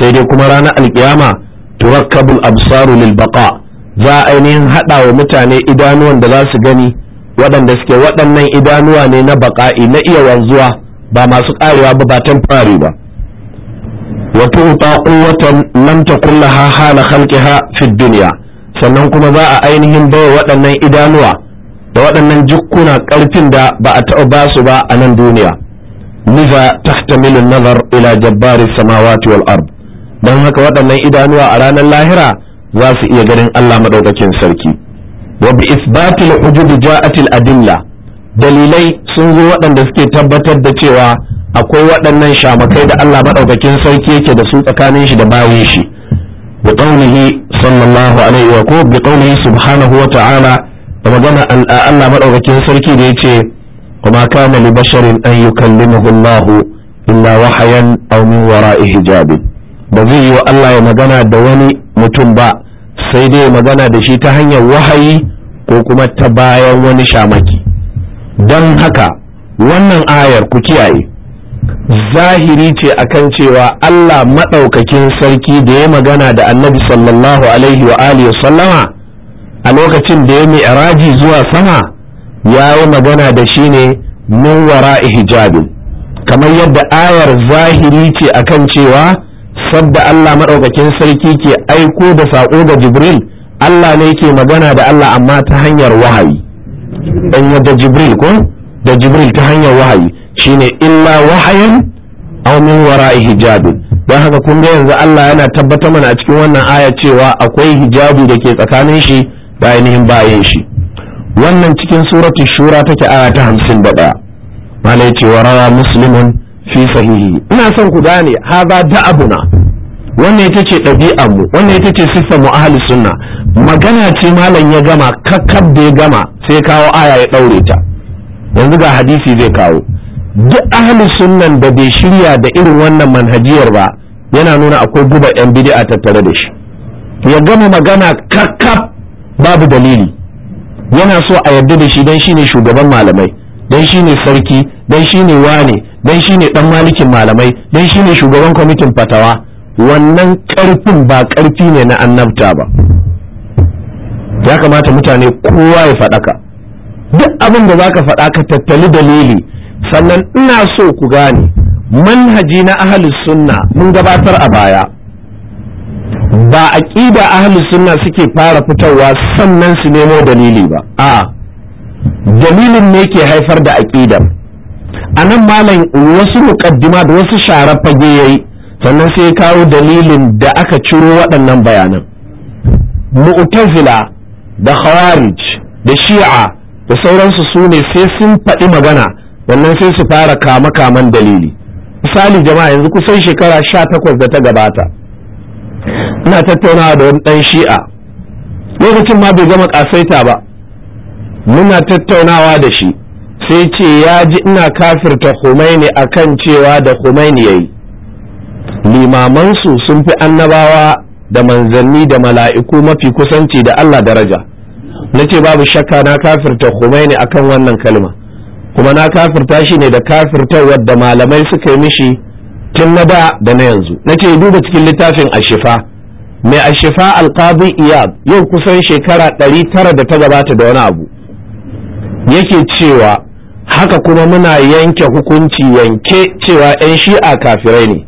sai dai kuma ranar alkiyama turakkabul absaru lil baqa za ainihin hada wa mutane idanuwan da za su gani waɗanda suke waɗannan idanuwa ne na baƙa'i na iya wanzuwa ba masu ƙarewa ba ba tamfari ba wa tu'ta quwwatan lam takun laha hala khalqiha fid dunya sannan kuma za a ainihin baiwa waɗannan idanuwa da waɗannan jukkuna ƙarfin da ba a taɓa ba su ba a nan duniya liza tahtamilun nazar ila jabbari samawati wal ard don haka waɗannan idanuwa a ranar lahira za su iya ganin Allah madaukakin sarki wa bi isbatil hujub ja'atil adilla dalilai sun zo waɗanda suke tabbatar da cewa akwai waɗannan shamakai da Allah madaukakin sarki yake da su tsakanin shi da bayin shi bi qawlihi sallallahu alaihi wa ko bi qawlihi subhanahu wa ta'ala da magana Allah maɗaukakin sarki da ya ce kuma kana li basharin an yi Allah illa wahayan aw min wara'i hijabi ba zai yi wa Allah ya magana da wani mutum ba sai dai magana da shi ta hanyar wahayi ko kuma ta bayan wani shamaki don haka wannan ayar ku kiyaye zahiri ce akan cewa Allah maɗaukakin sarki da ya magana da annabi sallallahu alaihi wa alihi sallama a lokacin da ya mi'raji zuwa sama ya yi magana da shi ne min wara hijabin kamar yadda ayar zahiri ce akan cewa sabda Allah maɗaukakin sarki ke aiko da saƙo ga Jibril Allah ne ke magana da Allah amma ta hanyar wahayi dan yadda Jibril ko da Jibril ta hanyar wahayi shine illa wahayin aw min wara'i hijabin don haka kun ga yanzu Allah yana tabbatar mana a cikin wannan aya cewa akwai hijabi da ke tsakanin shi ba ainihin bayan shi wannan cikin suratul shura take aya ta hamsin da ɗaya malai ce wa rawa muslimun fi sahihi ina son ku gane haza da'abuna wannan ita ce ɗabi'ar mu wannan ita ce siffar mu ahli sunna magana ce malam ya gama kakkab da ya gama sai kawo aya ya ɗaure ta yanzu ga hadisi zai kawo duk ahli sunnan da bai shirya da irin wannan manhajiyar ba yana nuna akwai guba yan bid'a tattare da shi ya gama magana kakkab babu dalili yana so a yarda da shi dan shine shugaban malamai dan shine sarki dan shine wane dan shine dan malikin malamai dan shine shugaban kwamitin fatawa wannan karfin ba karfi ne na annabta ba ya kamata mutane kowa ya faɗaka duk abin da zaka faɗa ka tattali dalili sannan ina so ku gane manhaji na ahlus sunna mun gabatar a baya ba ƙida ahalus sunna suke fara fitarwa sannan su nemo dalili ba a dalilin ne ke haifar da aƙidar a nan malam wasu muƙaddima da wasu shara fage yayi sannan sai kawo dalilin da aka ciro waɗannan bayanan mu'tazila da khawarij da shi'a da sauransu su ne sai sun faɗi magana wannan sai su fara kama kaman dalili misali jama'a yanzu kusan shekara sha takwas da ta gabata ina tattaunawa da wani ɗan shi'a lokacin ma bai gama ƙasaita ba muna tattaunawa da shi sai ce ya ji ina kafirta Khomeini kan cewa da Khomeini yi. limamansu sun fi annabawa da manzanni da mala'iku mafi kusanci da Allah daraja na ce babu shakka na kafirta Khomeini akan wannan kalma kuma na kafirta shi ne da kafirta wadda malamai suka yi mishi tun na da da na yanzu nace duba cikin littafin ashifa mai ashifa alqadi iyad yau kusan shekara ɗari tara da ta gabata da wani abu yake cewa haka kuma muna yanke hukunci yanke cewa 'yan shi'a kafirai ne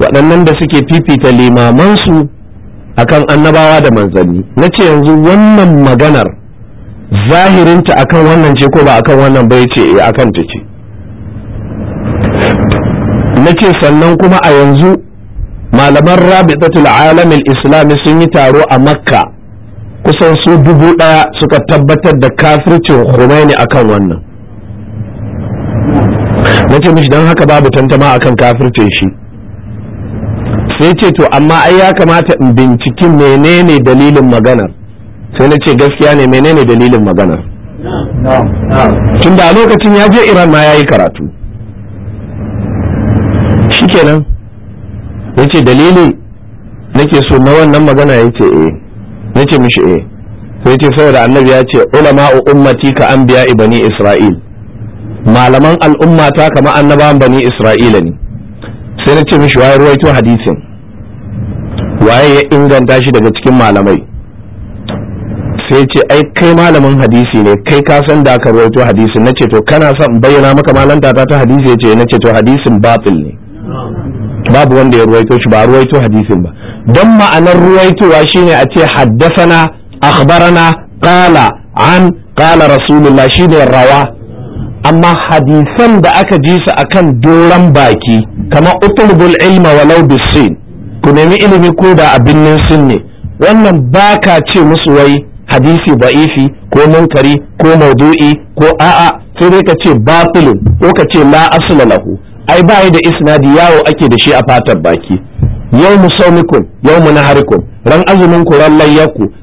waɗannan da suke fifita limamansu akan annabawa da manzanni na ce yanzu wannan maganar zahirinta akan wannan ce ko ba akan wannan bai ce eh, kan ta ce nace sannan kuma a yanzu malaman rabitatul alamil islami sun yi taro a makka kusan su dubu daya suka tabbatar da kafircin khumaini akan wannan nace ce mishi don haka babu tantama akan kafircin shi sai ce to amma ai ya kamata in binciki menene dalilin maganar sai na ce gaskiya ne menene dalilin maganar tunda a lokacin ya je iran ma ya yi karatu shikenan yace dalili nake so na wannan magana yace eh nace mishi eh sai yace saboda annabi ya ce ulama ummati ka anbiya bani isra'il malaman al'umma ta kama annabawan bani isra'ila ne sai na ce mishi waye ruwaito hadisin waye ya inganta shi daga cikin malamai sai ce ai kai malamin hadisi ne kai ka san da ka rawaito hadisin nace to kana son bayyana maka malanta ta ta hadisi yace eh, nace to hadisin batil ne babu wanda ya ruwaito shi ba ruwaito hadisin ba don ma'anar ruwaitowa shine a ce haddasana akhbarana qala an qala rasulullah shine rawa amma hadisan da aka ji su akan doran baki kamar utulbul ilma walau bisin ku nemi ilimi ko da a birnin sin ne wannan baka ce musu wai hadisi ba'ifi ko munkari ko maudu'i ko a'a sai dai ka ce batilun ko ka ce la asla lahu ai ba da isnadi yawo ake da shi a fatar baki yau mu saumikun yau mu naharikum ran azumin ku ran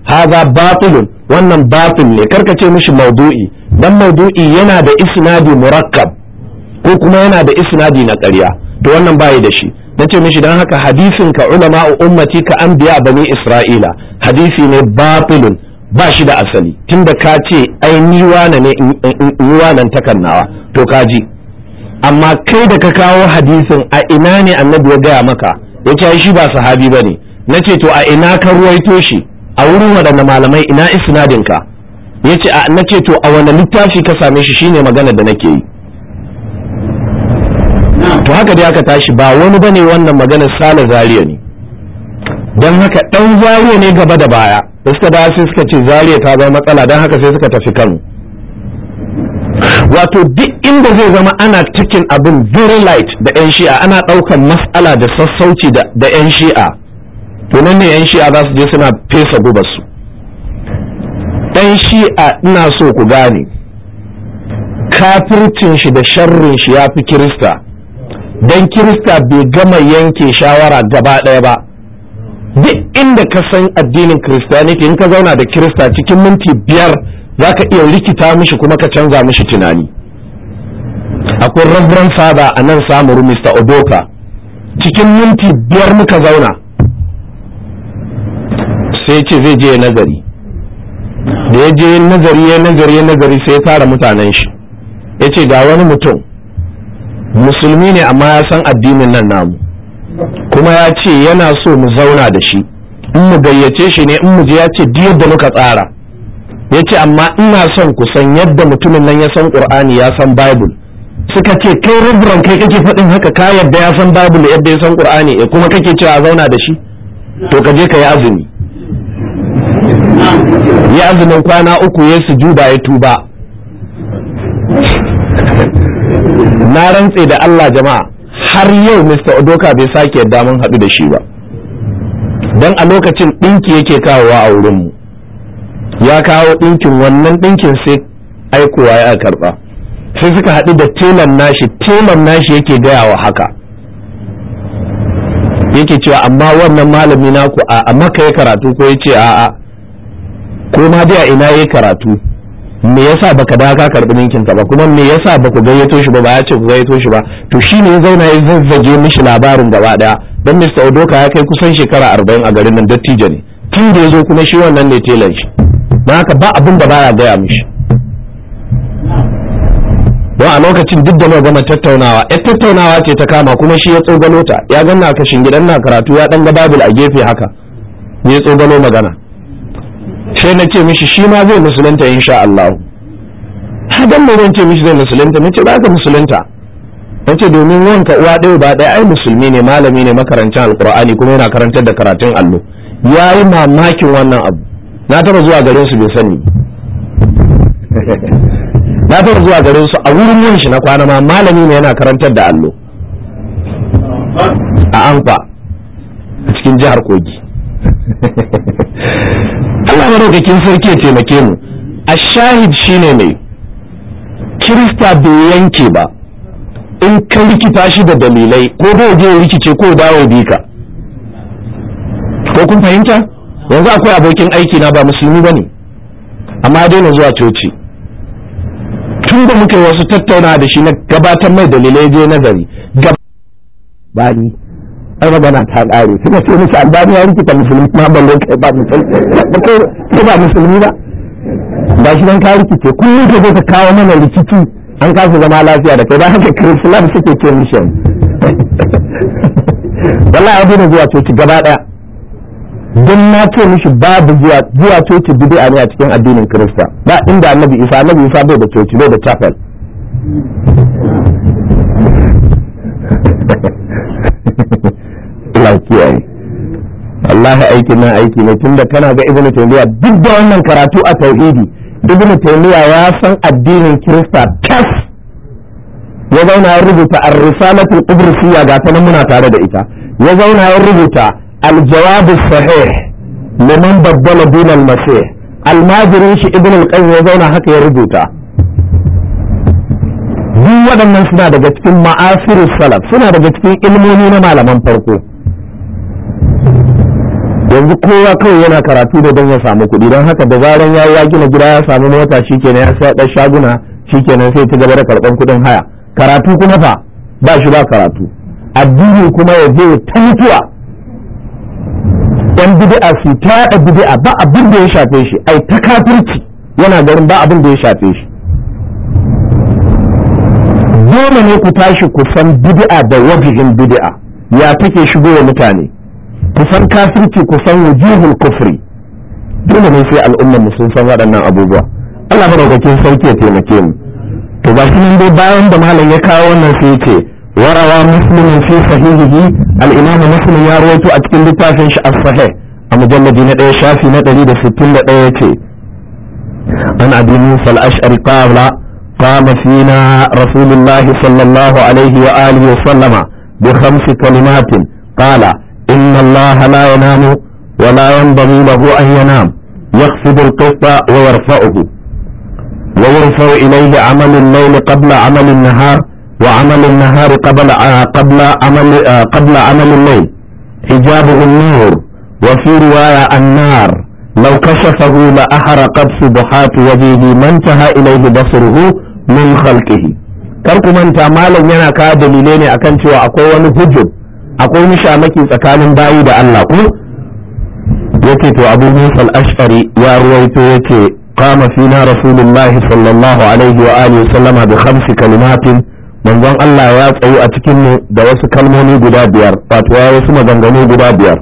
haza batilun wannan batil ne karkace mishi maudu'i dan maudu'i yana da isnadi murakkab ko kuma yana da isnadi na ƙarya to wannan bayi da shi Na nace mishi dan haka hadisin ka ulama ummati ka anbiya bani isra'ila hadisi ne batilun ba shi da asali tunda ka ce ai ni wane ne in takannawa to kaji amma kai da ka kawo hadisin a ina ne annabi ya gaya maka ya ce shi ba sahabi ba ne na ce to a ina ka ruwaito shi a wurin waɗanda malamai ina isnadinka ya ce na ce to a wani littafi ka same shi shine magana da nake yi to haka dai aka tashi ba wani bane wannan maganar sale zariya ne don haka ɗan zariya ne gaba da baya da suka da sai suka ce zariya ta zama matsala don haka sai suka tafi kano wato duk inda zai zama ana cikin abin very light da 'yan shi'a ana ɗaukan matsala da sassauci da 'yan shi'a to ne 'yan shi'a za su je suna fesa su. ɗan shi'a ina so ku gane kafircin shi da sharrin shi ya fi kirista don kirista bai gama yanke shawara gaba ɗaya ba duk inda ka san addinin kiristaniti in ka zauna da kirista cikin minti biyar za ka iya rikita mishi kuma ka canza mishi tunani akwai reverend fada a nan samuru mr odoka cikin minti biyar muka zauna sai ce zai je nazari da ya je nazari ya nazari ya nazari sai ya tara mutanen shi ya ce ga wani mutum musulmi ne amma ya san addinin nan namu kuma ya ce yana so mu zauna da shi in mu gayyace shi ne in mu je ya ce duk yadda muka tsara ya ce amma ina son ku san yadda mutumin nan ya san ƙur'ani ya san bible suka ce kai rubran kai kake faɗin haka ka yadda ya san bible yadda ya san ƙur'ani e eh, kuma kake cewa a zauna da shi to ka je ka yi azumi ya azumin kwana uku ya sujuda ya tuba na rantse da Allah jama'a har yau Mr. Odoka bai sake yadda mun haɗu da shi ba don a lokacin ɗinki yake kawowa a wurinmu ya kawo ɗinkin wannan ɗinkin sai aikowa ya karɓa sai suka haɗu da telan nashi telan nashi yake gaya wa haka yake cewa amma wannan malami naku a maka ya karatu ko ya ce a ko ma dai a ina ya karatu me yasa baka da ka karbi ninkin ka ba kuma me yasa ba ku gayyato shi ba ba ya ce ku gayyato shi ba to shi ne ya zauna ya zazzage mishi labarin gaba daya dan Mr. Odoka ya kai kusan shekara 40 a garin nan dattijo ne tun da yazo kuma shi wannan ne telan shi don haka ba abin da baya gaya mishi don a lokacin duk da gama tattaunawa ya tattaunawa ce ta kama kuma shi ya tsogalo ta ya ganna kashin gidan na karatu ya dan ga babil a gefe haka ya tsogalo magana sai na ce mishi shi ma zai musulunta insha Allah hadan mu ce mishi zai musulunta nace ba ka musulunta nace domin wanka uwa ɗaya ba ɗaya ai musulmi ne malami ne makarantar alqur'ani kuma yana karantar da karatun allo yayi mamakin wannan abu na taba zuwa garinsu su bai sani na taba zuwa gare su a wurin yin shi na kwana ma malami ne yana karantar da allo a anfa a cikin jihar kogi Allah madaukakin sarki ya taimake mu a shahid shine mai kirista bai yanke ba in ka rikita shi da dalilai ko da waje rikice ko dawo bika ko kun fahimta yanzu akwai abokin aiki na ba musulmi bane amma dai daina zuwa coci tun da muka yi wasu tattauna da shi na gabatar mai dalilai je nazari gabani ai magana ta ƙare suka ce musu albani ya rikita musulmi kuma ban lokaci ba musulmi ba musulmi ba ba shi dan ka rikice kullum ka zo ka kawo mana rikici an kasa zama lafiya da kai ba haka kristiyan suke ke mission wallahi abu da zuwa coci gaba daya don na ce mishi babu zuwa zuwa coci bid'a ne a cikin addinin Kirista ba inda Annabi Isa Annabi Isa bai da coci bai da chapel Allah kiyaye Allah aikin nan aiki ne tunda kana ga Ibn Taymiyyah duk da wannan karatu a tauhidi duk Ibn Taymiyyah ya san addinin Kirista tas ya zauna ya rubuta ar-risalatul qubrusiyya ga ta muna tare da ita ya zauna ya rubuta الجواب الصحيح لمن بدل دين المسيح الماجري شي ابن القيم ya zauna haka ya rubuta من waɗannan suna daga cikin سنة salaf suna daga cikin ilmomi na malaman farko yanzu kowa kawai yana karatu da don ya samu kuɗi don haka da zaran ya ya gina gida ya samu mota shikenan ya sai ɗan shaguna shikenan sai ci gaba da karɓan kuɗin haya karatu kuma fa ba shi ba karatu addini kuma ya je ta mutuwa dan bid'a su taɗa bid'a ba abin da ya shafe shi ai ta kafirci yana garin ba abin da ya shafe shi dole ne ku tashi ku san bid'a da wajihin bid'a ya take shigo wa mutane ku san kafirci ku san wujihul kufri dole ne sai al'ummar mu sun san waɗannan abubuwa Allah madaukakin sauke taimake mu to ba shi nan dai bayan da malam ya kawo wannan sai ya ce وروى مسلم في صحيحه الإمام مسلم يروي أتكلم بتافنش الصحيح المجلد ندعي شافي ندعي دفتن ندعي عن أبي موسى الأشعري قال قام فينا رسول الله صلى الله عليه وآله وسلم بخمس كلمات قال إن الله لا ينام ولا ينبغي له أن ينام يخفض القسط ويرفعه ويرفع إليه عمل الليل قبل عمل النهار وعمل النهار قبل قبل عمل قبل عمل الليل حجابه النور وفي رواية النار لو كشفه لأحرقت سبحات وجهه ما انتهى إليه بصره من خلقه karku manta malam yana kawo dalilai ne akan cewa akwai wani hujub akwai wani shamaki tsakanin bayi da Allah ko yake to Abu ya ruwaito yake qama fina rasulullahi sallallahu manzon Allah ya tsayu a cikin mu da wasu kalmomi guda biyar wato ya wasu maganganu guda biyar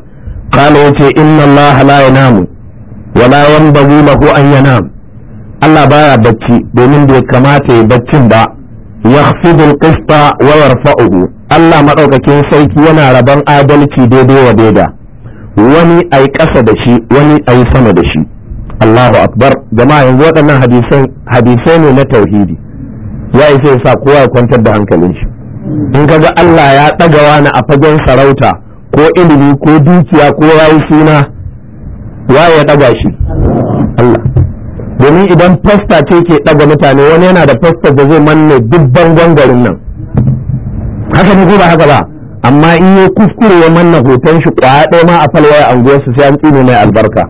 qala yace inna Allah la yanamu wa la yanbaghi lahu an yanam Allah baya bacci domin bai kamata ya baccin ba yakhfidul qista wa yarfa'uhu Allah madaukakin sarki yana raban adalci daidai wa daida wani ai kasa da shi wani ai sama da shi Allahu akbar jama'a yanzu waɗannan hadisai hadisai ne na tauhidi ya isa sa kowa ya kwantar da hankalin shi in ka ga Allah ya ɗaga wani a fagen sarauta ko ilimi ko dukiya ko rayu suna wa ya ɗaga shi Allah domin idan fasta ce ke ɗaga mutane wani yana da fasta da zai manne dubban gwangwarin nan haka ne ko ba haka ba amma in ya kuskure ya manna hoton shi kwaya ɗaya ma a falwaya anguwarsu sai an tsine mai albarka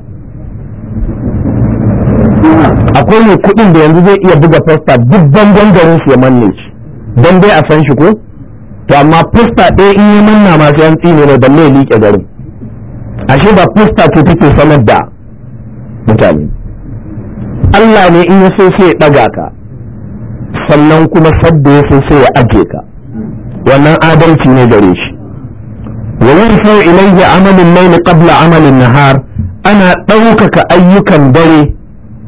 akwai ne kuɗin da yanzu zai iya buga fasta duk bangon garin su ya manne shi don dai a san shi ko to amma fasta ɗaya in ya manna masu yan tsine ne don mai liƙe garin ashe ba fasta ce take sanar da mutane Allah ne in ya so sai ya ɗaga ka sannan kuma sadda ya so sai ya ajiye ka wannan adalci ne gare shi wa ilai ilayya amalin ne qabla amalin nahar ana ɗaukaka ayyukan dare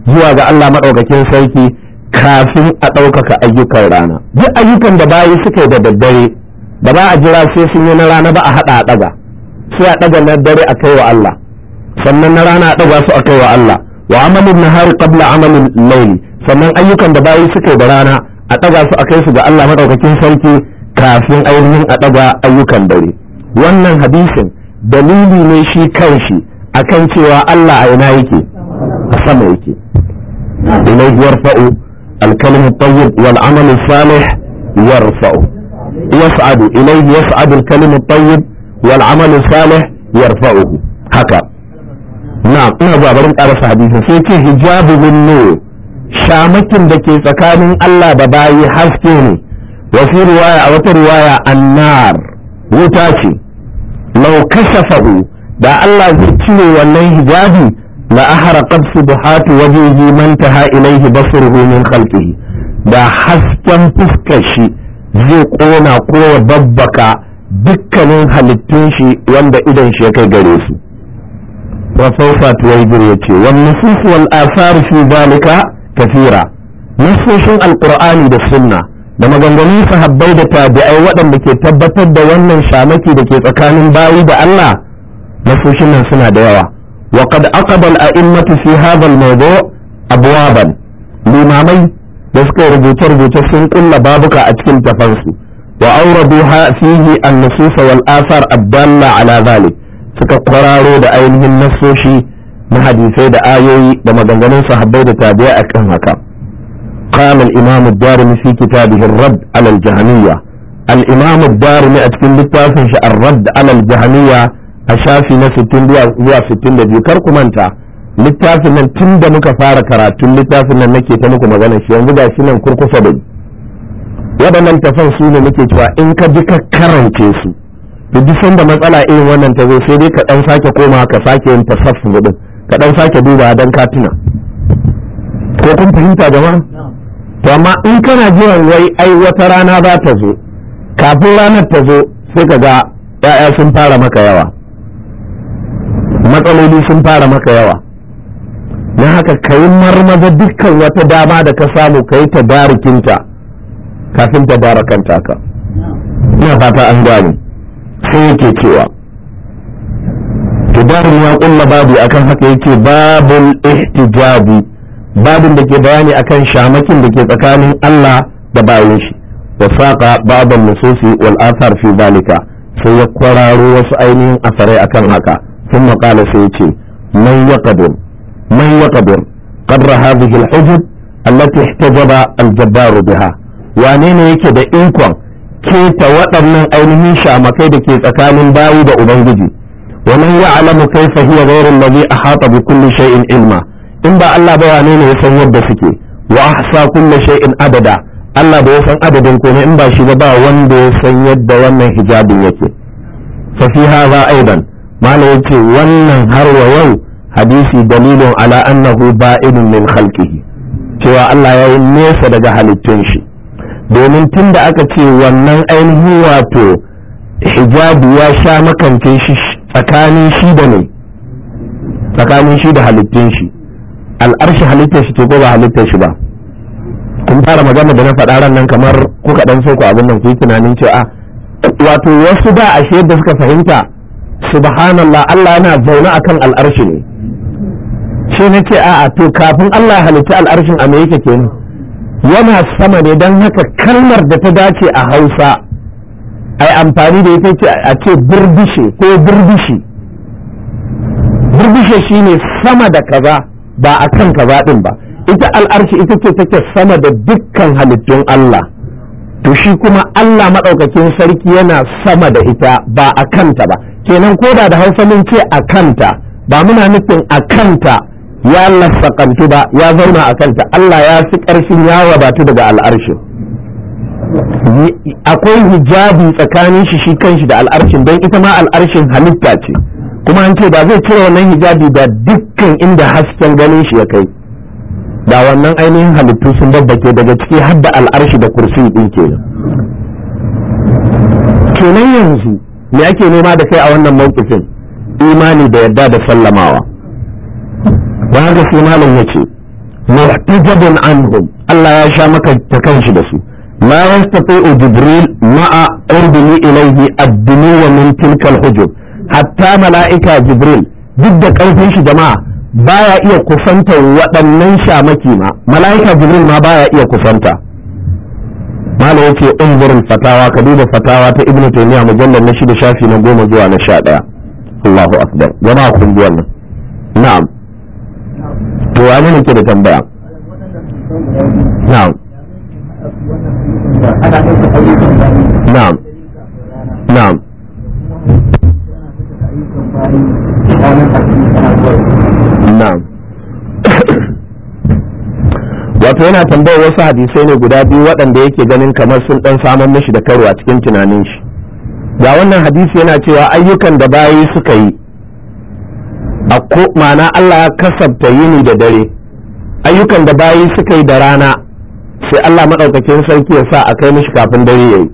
zuwa ga Allah maɗaukakin sarki kafin a ɗaukaka ayyukan rana duk ayyukan da bayi suka da daddare da ba a jira sai sun yi na rana ba a haɗa a ɗaga sai a ɗaga na dare a kai wa Allah sannan na rana a ɗaga su a kai wa Allah wa amalin nahari qabla amalin laili sannan ayyukan da bayi suka yi da rana a ɗaga su a kai su ga Allah maɗaukakin sarki kafin ainihin a ɗaga ayyukan dare wannan hadisin dalili ne shi kanshi kan cewa Allah a ina yake a sama yake إليه يرفع الكلم الطيب والعمل الصالح يرفع يصعد إليه يصعد الكلم الطيب والعمل الصالح يرفعه هكا نعم ina zuwa barin karasa sai ce hijabi min nur shamakin da ke tsakanin Allah da bayi haske ne wasu riwaya a wata riwaya annar wuta ce lau da Allah zai cire wannan hijabi la ahraqat subuhatu wajhihi man taha ilayhi basruhu min khalqihi da hasken fuskar shi zai kona kowa babbaka dukkanin halittun shi wanda idan shi ya kai gare su professor tuwaibir ya ce "Wan nusus wal asar fi zalika kafira nasoshin alqur'ani da sunna da maganganun sahabbai da tabi'ai waɗanda ke tabbatar da wannan shamaki da ke tsakanin bayi da Allah nasoshin nan suna da yawa وقد أقب الأئمة في هذا الموضوع أبوابا لإمامي بسك رجوت رجوت كل بابك أتكن تفنسي وأوردوها فيه النصوص والآثار الدالة على ذلك فكقرارو دا أينه النصوشي مهديثي دا آيوي دا مدنغنين صحبه دا تابعه أكهنك قال الإمام الدارمي في كتابه الرد على الجهنية الإمام الدارمي أتكن بالتاسش الرد على الجهنية a shafi na 60 zuwa 62 kar ku manta littafin nan tun da muka fara karatun littafin nan nake ta muku magana shi yanzu gashi nan kurkusa bai waɗannan tafan su ne muke cewa in ka ji ka karance su to duk sanda matsala irin wannan ta zo sai dai ka dan sake koma ka sake yin tasaffu din ka dan sake duba dan ka tuna ko kun fahimta jama'a to amma in kana jiran wai ai wata rana za ta zo kafin ranar ta zo sai ka ga 'ya'ya sun fara maka yawa matsaloli sun fara maka yawa na haka ka yi marmaza dukkan wata dama da ka samu ka yi tabarikinta kafin tabarakanta ka ina fata an gane sai yake cewa tabarin ya kulla babu akan haka yake babul ihtijabi babin da ke bayani akan shamakin da ke tsakanin Allah da bayan shi wa saqa babul nususi wal fi zalika sai ya kwararo wasu ainihin asarai akan haka ثم قال سيتي من يقبل من يقبل قبر هذه الحجب التي احتجب الجبار بها وانين يكد إنكم keta waɗannan ainihin shamakai da ke tsakanin bayi da ubangiji wa man kai kayfa hiya ghayru a ahata bi kulli shay'in ilma in ba Allah ba wane ne ya san yadda suke wa ahsa kulli shay'in adada Allah ba ya adadin komai in ba shi ba wanda ya san yadda wannan hijabin yake safiha fi hadha aidan malam yace wannan har wa yau hadisi dalilin ala annahu ba'idun min khalqihi cewa Allah ya yi nesa daga halittun shi domin tun da aka ce wannan ainihin wato hijabi ya sha makance shi tsakanin shi da ne tsakanin shi da halittun shi al'arshi halittar shi ce ko ba halittar shi ba kun fara magana da na faɗa ran nan kamar kuka ɗan so ku abin nan ku yi tunanin cewa ah, wato wasu da ashe da suka fahimta subhanallah Allah yana zaune akan al'arshi ne shi nake a'a to kafin Allah halitta al'arshin a me yake kenan yana sama ne don haka kalmar da ta dace a Hausa ai amfani da ita ce a ce birbishe ko birbishi shi shine sama da kaza ba akan kaza ɗin ba ita al'arshi ita ce take sama da dukkan halittun Allah to shi kuma Allah maɗaukakin sarki yana sama da ita ba a kanta ba kenan ko da da hausa mun ce a kanta ba muna nufin a kanta ya lasakantu ba ya zauna a kanta Allah ya fi ƙarfin ya wabatu daga al'arshin akwai hijabi tsakanin shi shi kanshi da al'arshin don ita ma al'arshin halitta ce kuma an ce ba zai cire wannan hijabi da dukkan inda hasken ganin shi ya kai da wannan ainihin halittu sun babbake daga ciki har da al'arshi da kursi ɗin kenan kenan yanzu me ake nema da kai a wannan mawqifin imani da yadda da sallamawa ba haka sai malam yace muhtajabun anhum Allah ya sha maka ta kanshi da su la yastati'u jibril ma'a qurbihi ilayhi ad wa min tilka al-hujub hatta mala'ika jibril duk da karfin shi jama'a baya iya kusantar waɗannan shamaki ma mala'ika jibril ma baya iya kusanta mala yake umburin fatawa ka duba fatawa ta ibnu taymiya mujallar na shida shafi na goma zuwa na sha ɗaya allahu akbar jama'a kun bi wannan na'am to ya ne ke da tambaya na'am na'am na'am na'am wato yana tambayar wasu hadisai ne guda biyu waɗanda yake ganin kamar sun ɗan samar mishi da karo a cikin tunanin shi ga wannan hadisi yana cewa ayyukan da bayi suka yi a ko ma'ana Allah ya kasabta yini da dare ayyukan da bayi suka yi da rana sai Allah maɗaukakin sarki ya sa a kai mishi kafin dare ya yi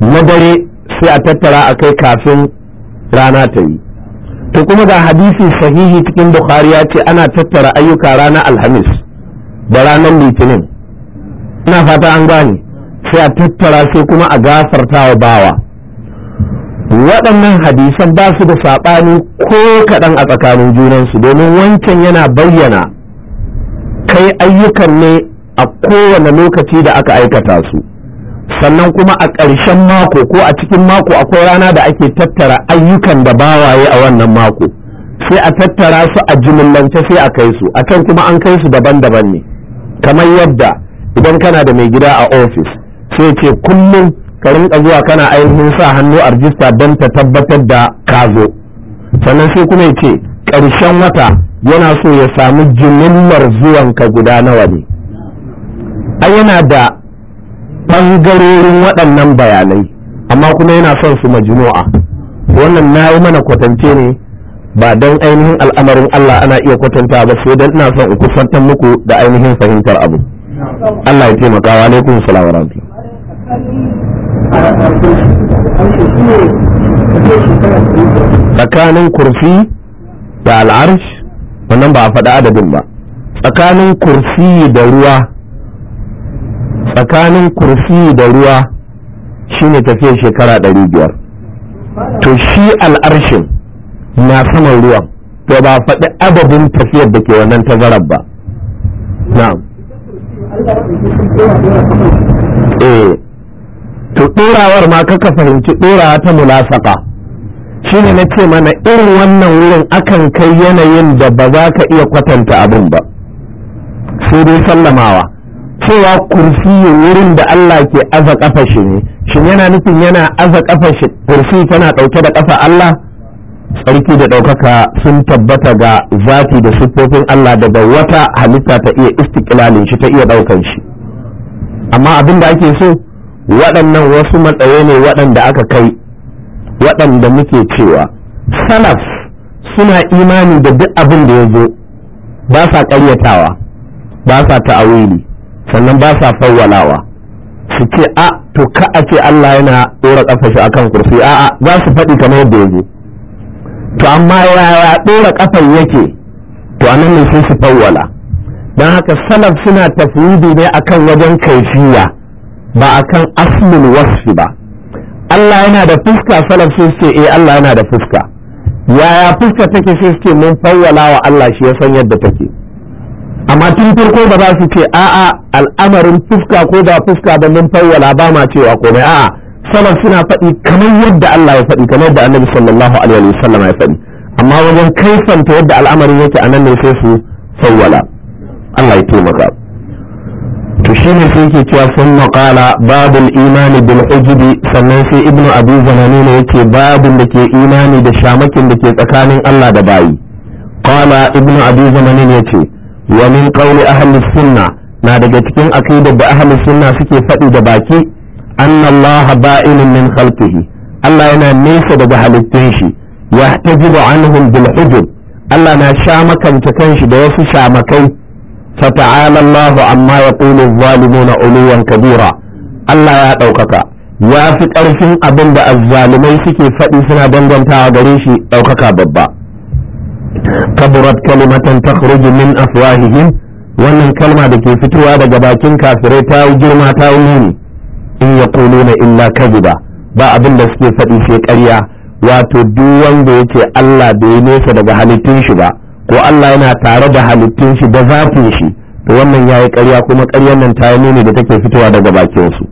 na dare sai a tattara a kai kafin rana ta yi to kuma ga hadisi sahihi cikin bukhari ya ce ana tattara ayyuka rana alhamis da ranar litinin ina fata an gane sai a tattara sai kuma a gafarta wa bawa waɗannan hadisan ba su da saɓani ko kaɗan a tsakanin junansu domin wancan yana bayyana kai ayyukan ne a kowane lokaci da aka aikata su sannan kuma a ƙarshen mako ko a cikin mako akwai rana da ake tattara ayyukan da bawaye a wannan mako sai a tattara su a jimillance sai a kai su a kan kuma an kai su daban-daban ne kamar yadda idan kana da mai gida a ofis sai ce kullum ka rinka zuwa kana ainihin sa hannu a rijista don ta tabbatar da ka zo sannan sai kuma ya ce ƙarshen wata yana so ya samu jimillar ka guda nawa ne a yana da ɓangarorin waɗannan bayanai amma kuma yana son su majmu'a wannan na yi mana kwatance ne ba don ainihin al'amarin Allah ana iya kwatanta ba sai dan ina son in kusantar muku da ainihin fahimtar abu Allah ya taimaka wa alaikum salam wa tsakanin kursi da al'arsh wannan ba a faɗa adadin ba tsakanin kursi da ruwa tsakanin kursi da ruwa shine tafiya shekara 500 to shi al'arshin na saman ruwan to ba faɗi adadin tafiyar da ke wannan tazarar ba na'am eh to ɗorawar ma kaka fahimci ɗorawa ta mulasaka shi ne na ce mana irin wannan wurin akan kai yanayin da ba za ka iya kwatanta abin ba sai dai sallamawa cewa kursi wurin da Allah ke aza kafa shi ne shin yana nufin yana aza kafa shi kursi tana ɗauke da kafa Allah tsarki da ɗaukaka sun tabbata ga zati da siffofin Allah daga wata halitta ta iya istiqlalin shi ta iya ɗaukan shi amma abin da ake so waɗannan wasu matsaye ne waɗanda aka kai waɗanda muke cewa salaf suna imani da duk abin da ya zo ba sa ƙaryatawa ba sa ta'awili sannan ba sa fawwalawa su ce a to ka a ce Allah yana ɗora ƙafashi a akan kursi a'a za su faɗi kamar yadda ya zo to amma ya ɗora ƙafan yake to anan ne sai su fawwala don haka salaf suna tafwidi ne akan wajen kaifiya ba akan aslul wasfi ba Allah yana da fuska salaf sai ce eh Allah yana da fuska yaya fuska take sai ce mun fawwala wa Allah shi ya san yadda take amma tun farko ba za su ce a'a al'amarin fuska ko da fuska da mun fawwala ba ma cewa komai a'a salaf suna faɗi kamar yadda Allah ya faɗi kamar yadda annabi sallallahu alaihi wasallam ya faɗi amma wajen kai kaifanta yadda al'amarin yake anan ne sai su sawwala Allah ya taimaka to shi ne sai yake cewa sun maƙala babul imani bil hijibi sannan sai ibnu abi zanani ne yake babin da ke imani da shamakin da ke tsakanin Allah da bayi qala ibnu abi zanani yace wa min qawli ahli sunna na daga cikin aqidar da ahli sunna suke faɗi da baki anna ba ba'inun min khalqihi Allah yana nesa daga halittun shi yahtajibu anhum bil hujub Allah na sha makanta kanshi da wasu shamakai fata'ala Allahu amma ya yaqulu adh na uluwan kabira Allah ya ɗaukaka ya fi ƙarfin abin da azzalumai suke faɗi suna dangantawa gare shi ɗaukaka babba kaburat kalimatan takhruju min afwahihim wannan kalma da ke fitowa daga bakin kafirai ta girma ta yi nuni in ya na illa kadhiba ba abin da suke faɗi sai ƙarya wato duk wanda yake Allah bai nesa daga halittun shi ba ko Allah yana tare da halittun shi da zafin shi to wannan ya yi ƙarya kuma ƙaryar nan ta nuni da take fitowa daga bakinsu.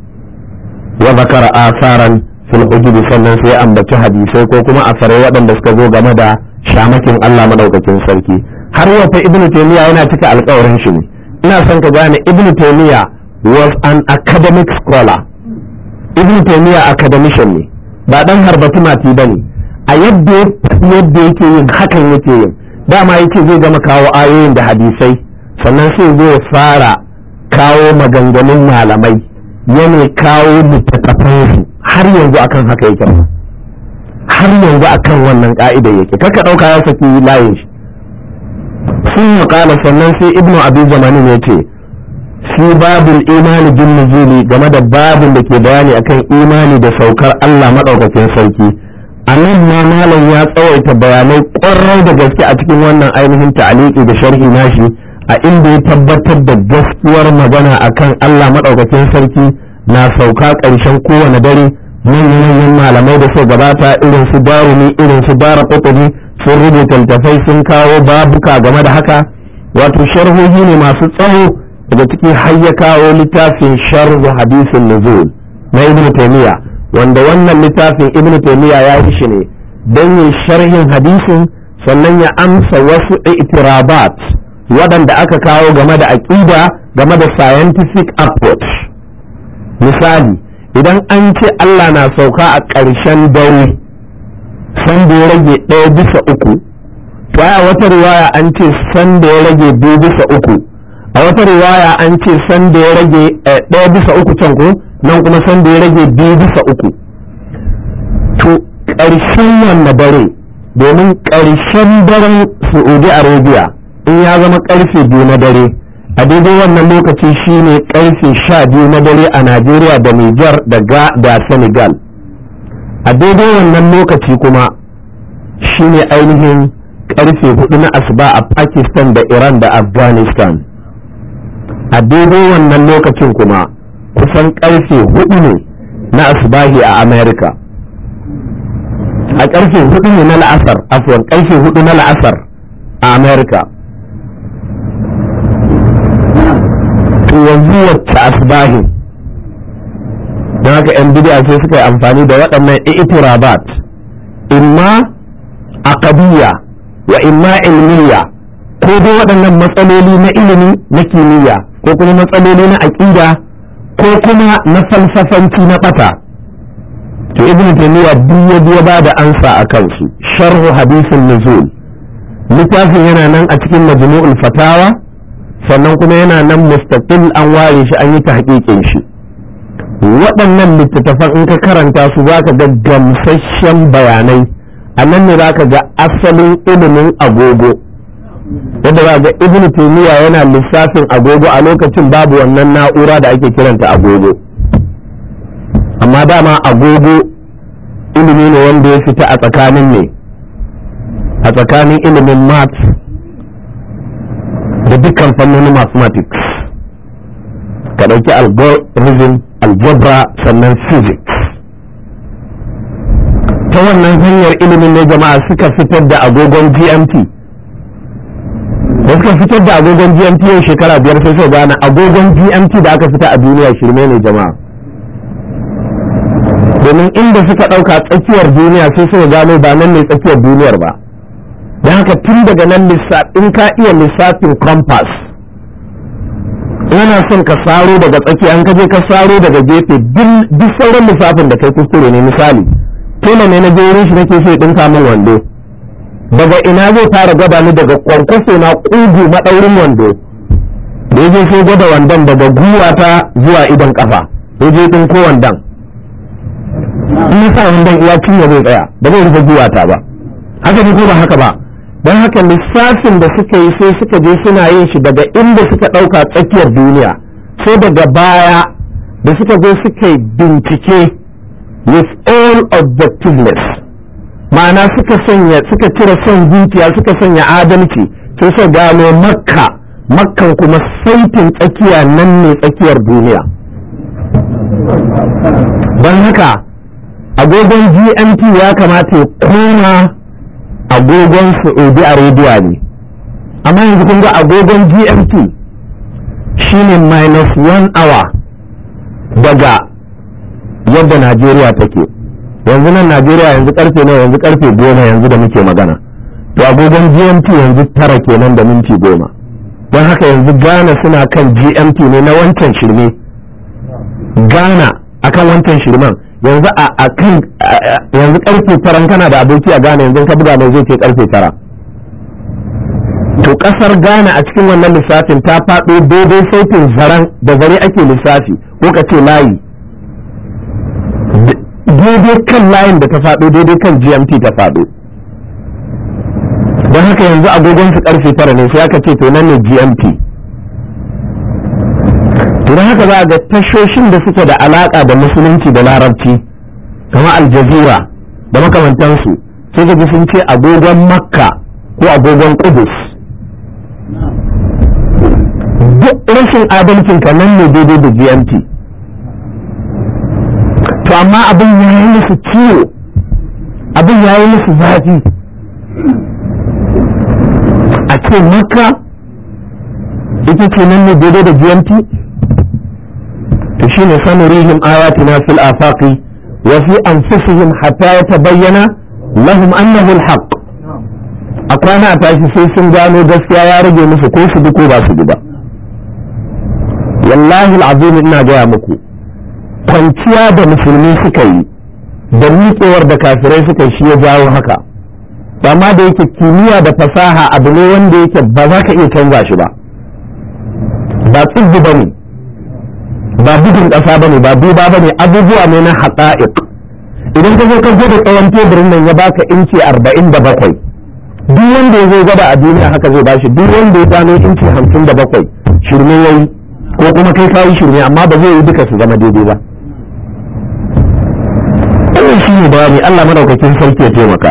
ya zakara asaran fil hujubi sannan sai ambaci hadisai ko kuma a asarai waɗanda suka zo game da shamakin Allah madaukakin sarki har yau fa ibnu taymiya yana cika alƙawarin shi ne ina son ka gane ibnu taymiya was an academic scholar ibn taymiya academician ne ba dan harbatu mati bane a yadda yadda yake yin hakan yake yin dama yake zai gama kawo ayoyin da hadisai sannan sai zai fara kawo maganganun malamai yana kawo littattafansu har yanzu akan haka yake har yanzu akan wannan ka'ida yake kaka ɗauka ya saki layin shi sun maƙala sannan sai ibnu abi zamani ne ce fi babin imani bin nuzuli game da babin da ke bayani akan imani da saukar Allah madaukakin sarki a nan ma malam ya tsawaita bayanai ƙwarar da gaske a cikin wannan ainihin ta'aliki da sharhi nashi a inda ya tabbatar da gaskiyar magana akan Allah madaukakin sarki na sauka ƙarshen kowane dare manyan malamai da su gabata irin su darumi irin su bara kutubi sun rubuta littafai sun kawo babuka game da haka wato sharhohi ne masu tsawo daga cikin har ya kawo littafin sharhu hadisin nuzul na ibnu taymiya wanda wannan littafin ibnu taymiya ya yi shi ne don yin sharhin hadisin sannan ya amsa wasu itirabat waɗanda aka kawo game da aƙida game da scientific approach misali idan an ce Allah na sauka a ƙarshen dare san da ya rage ɗaya bisa uku to wata riwaya an ce san da ya rage biyu bisa uku a wata riwaya an ce sanda ya rage eh, ɗaya bisa uku can ko nan kuma sanda ya rage biyu bisa uku to ƙarshen wannan dare domin ƙarshen daren saudi arabia in ya zama ƙarfe biyu na dare a daidai wannan lokaci shine ƙarfe sha biyu na dare a najeriya da niger da senegal a daidai wannan lokaci kuma shine ainihin ƙarfe hudu na asuba a pakistan da iran da afghanistan a dogon wannan lokacin kuma kusan karfe hudu ne na asubahi a america a karfe hudu ne na la'asar afuwan karfe hudu na la'asar a america to yanzu wacce asubahin don haka yan bidiya sai suka yi amfani da waɗannan itirabat imma aqadiyya wa imma ilmiya ko dai waɗannan matsaloli na ilimi na kimiyya ko kuma matsaloli na aƙida ko kuma na falsafanci na ɓata to ibn taymiya duk ya biya ba da ansa a kansu sharhu hadisin nuzul littafin yana nan a cikin majmu'ul fatawa sannan kuma yana nan mustaqil an ware shi an yi ta tahqiqin shi waɗannan littattafan in ka karanta su ka ga gamsasshen bayanai a nan ne ka ga asalin ilimin agogo yadda za ga ibnu taymiya yana lissafin agogo a lokacin babu wannan na'ura da ake kiranta agogo amma dama agogo ilimi ne wanda ya fita a tsakanin ne a tsakanin ilimin math da dukkan fannin mathematics ka ɗauki algorithm algebra sannan physics ta wannan hanyar ilimin ne jama'a suka fitar da agogon gmt da suka fitar da agogon GMT yau shekara biyar sai sau gane agogon GMT da aka fita a duniya shirme ne jama'a domin inda suka ɗauka tsakiyar duniya sai suka gano ba nan ne tsakiyar duniyar ba da haka tun daga nan in ka iya lissafin compass yana son ka saro daga tsaki an kaje ka saro daga gefe duk sauran lissafin da kai kuskure ne misali tela ne na je shi nake so ya ɗinka min wando daga ina zai fara gwada ni daga kwankwaso na kugu maɗaurin wando da ya so gwada wandon daga guwata zuwa idan kafa ya je ɗin ko wandon in sa wandon iya cinye zai tsaya ba zai rufe guwata ba haka ne ko ba haka ba don haka lissafin da suka yi sai suka je suna yin shi daga inda suka ɗauka tsakiyar duniya sai daga baya da suka zo suka yi bincike with all objectiveness ma'ana suka sanya suka cire son zuciya suka sanya adalci sai su gano makka makkan kuma saitin tsakiya nan ne tsakiyar duniya don haka agogon gmt ya kamata ya koma agogon saudi arabia ne amma yanzu kun ga agogon gmt shine minus one hour daga yadda najeriya take yanzu nan najeriya yanzu karfe ne yanzu karfe goma yanzu da muke magana to agogon gmt yanzu tara kenan da minti goma don haka yanzu ghana suna kan gmt ne na wancan shirme ghana kan wancan shirman yanzu a kan yanzu karfe faran kana da aboki a ghana yanzu ka buga mai zai ke karfe tara to kasar ghana a cikin wannan lissafin ta faɗo daidai sautin zaren da zare ake lissafi ko ka ce layi daidai kan layin da ta faɗo daidai kan gmt ta faɗo don haka yanzu agogon su karfe tara ne sai aka ce to nan ne gmt don haka za a ga tashoshin da suke da alaƙa da musulunci da larabci kamar aljazira da makamantansu sai ga sun ce agogon makka ko agogon kudus duk rashin adalcin nan ne daidai da gmt to amma abin ya yi musu ciwo abin ya yi musu zafi a ce maka ita ce nan ne daidai da gmt to shi ne sanurihim ayatina fil afaqi wa fi anfusihim hatta yatabayyana lahum annahu alhaq a kwana a tashi sai sun gano gaskiya ya rage musu ko su bi ko ba su bi wallahi alazim ina gaya muku kwanciya da musulmi suka yi da miƙewar da kafirai suka shi ya jawo haka amma da yake kimiyya da fasaha abu ne wanda yake ba za ka iya canza shi ba ba tsibbi ba ne ba bugun ƙasa ba ne ba duba ba ne abubuwa ne na haƙa'iq idan ka zo ka zo da tsawon teburin nan ya baka inci arba'in da bakwai duk wanda ya zo gaba a duniya haka zai bashi duk wanda ya gano inci hamsin da bakwai shirme yayi ko kuma kai kayi shirme amma ba zai yi duka su zama daidai ba wannan shi ne bayani Allah madaukakin sarki ya taimaka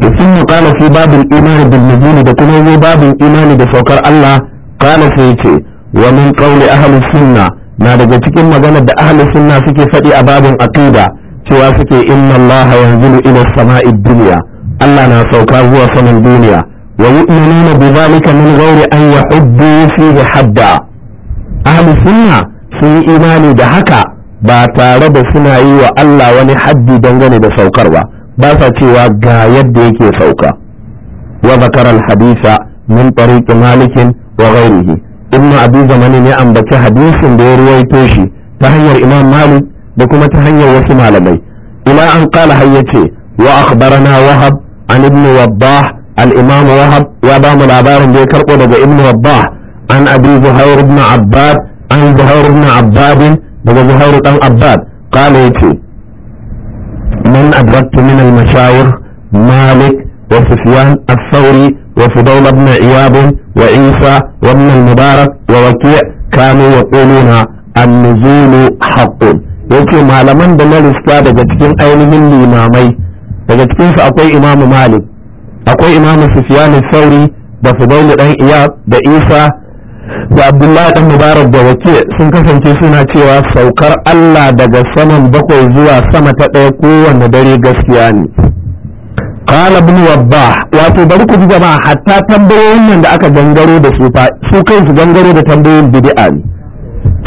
da sun mu kala fi babin imani bil da kuma yi babin imani da saukar Allah kala sai ce wa min qawli ahli sunna na daga cikin maganar da ahli sunna suke faɗi a babin aqida cewa suke inna Allah yanzilu ila samai dunya Allah na sauka zuwa saman duniya wa yu'minuna bi zalika min ghairi an yahuddu fihi hadda ahli sunna sun yi imani da haka ba tare da suna yi wa Allah wani haddi dangane da saukar ba ba sa cewa ga yadda yake sauka wa zakara hadisa min tariqi malik wa ghayrihi ibnu abi zaman ne ambaci hadisin da ya ruwaito shi ta hanyar imam malik da kuma ta hanyar wasu malamai ila an qala hayyace wa akhbarana wahab an ibn wabbah al-imam wahab ya ba mu labarin da ya karbo daga ibn wabbah an abi zuhair ibn abbad an zuhair ibn abbad daga zuhair dan abbad kala yace man adraktu min al mashayikh malik wa sufyan al-thawri wa fudail ibn iyab wa isa wa ibn al-mubarak wa waqi' kanu yaquluna an-nuzul haqqun yace malaman da na riska daga cikin ainihin limamai daga cikinsu akwai imamu malik akwai imamu sufyan al-thawri da fudail dan iyab da isa da abdullahi dan mubarak da wake sun kasance suna cewa saukar allah daga saman bakwai zuwa sama ta ɗaya kowanne dare gaskiya ne qala ibn wabbah wato bari ku ji jama'a hatta tambayoyin nan da aka gangaro da su fa su kansu gangaro da tambayoyin bid'a ne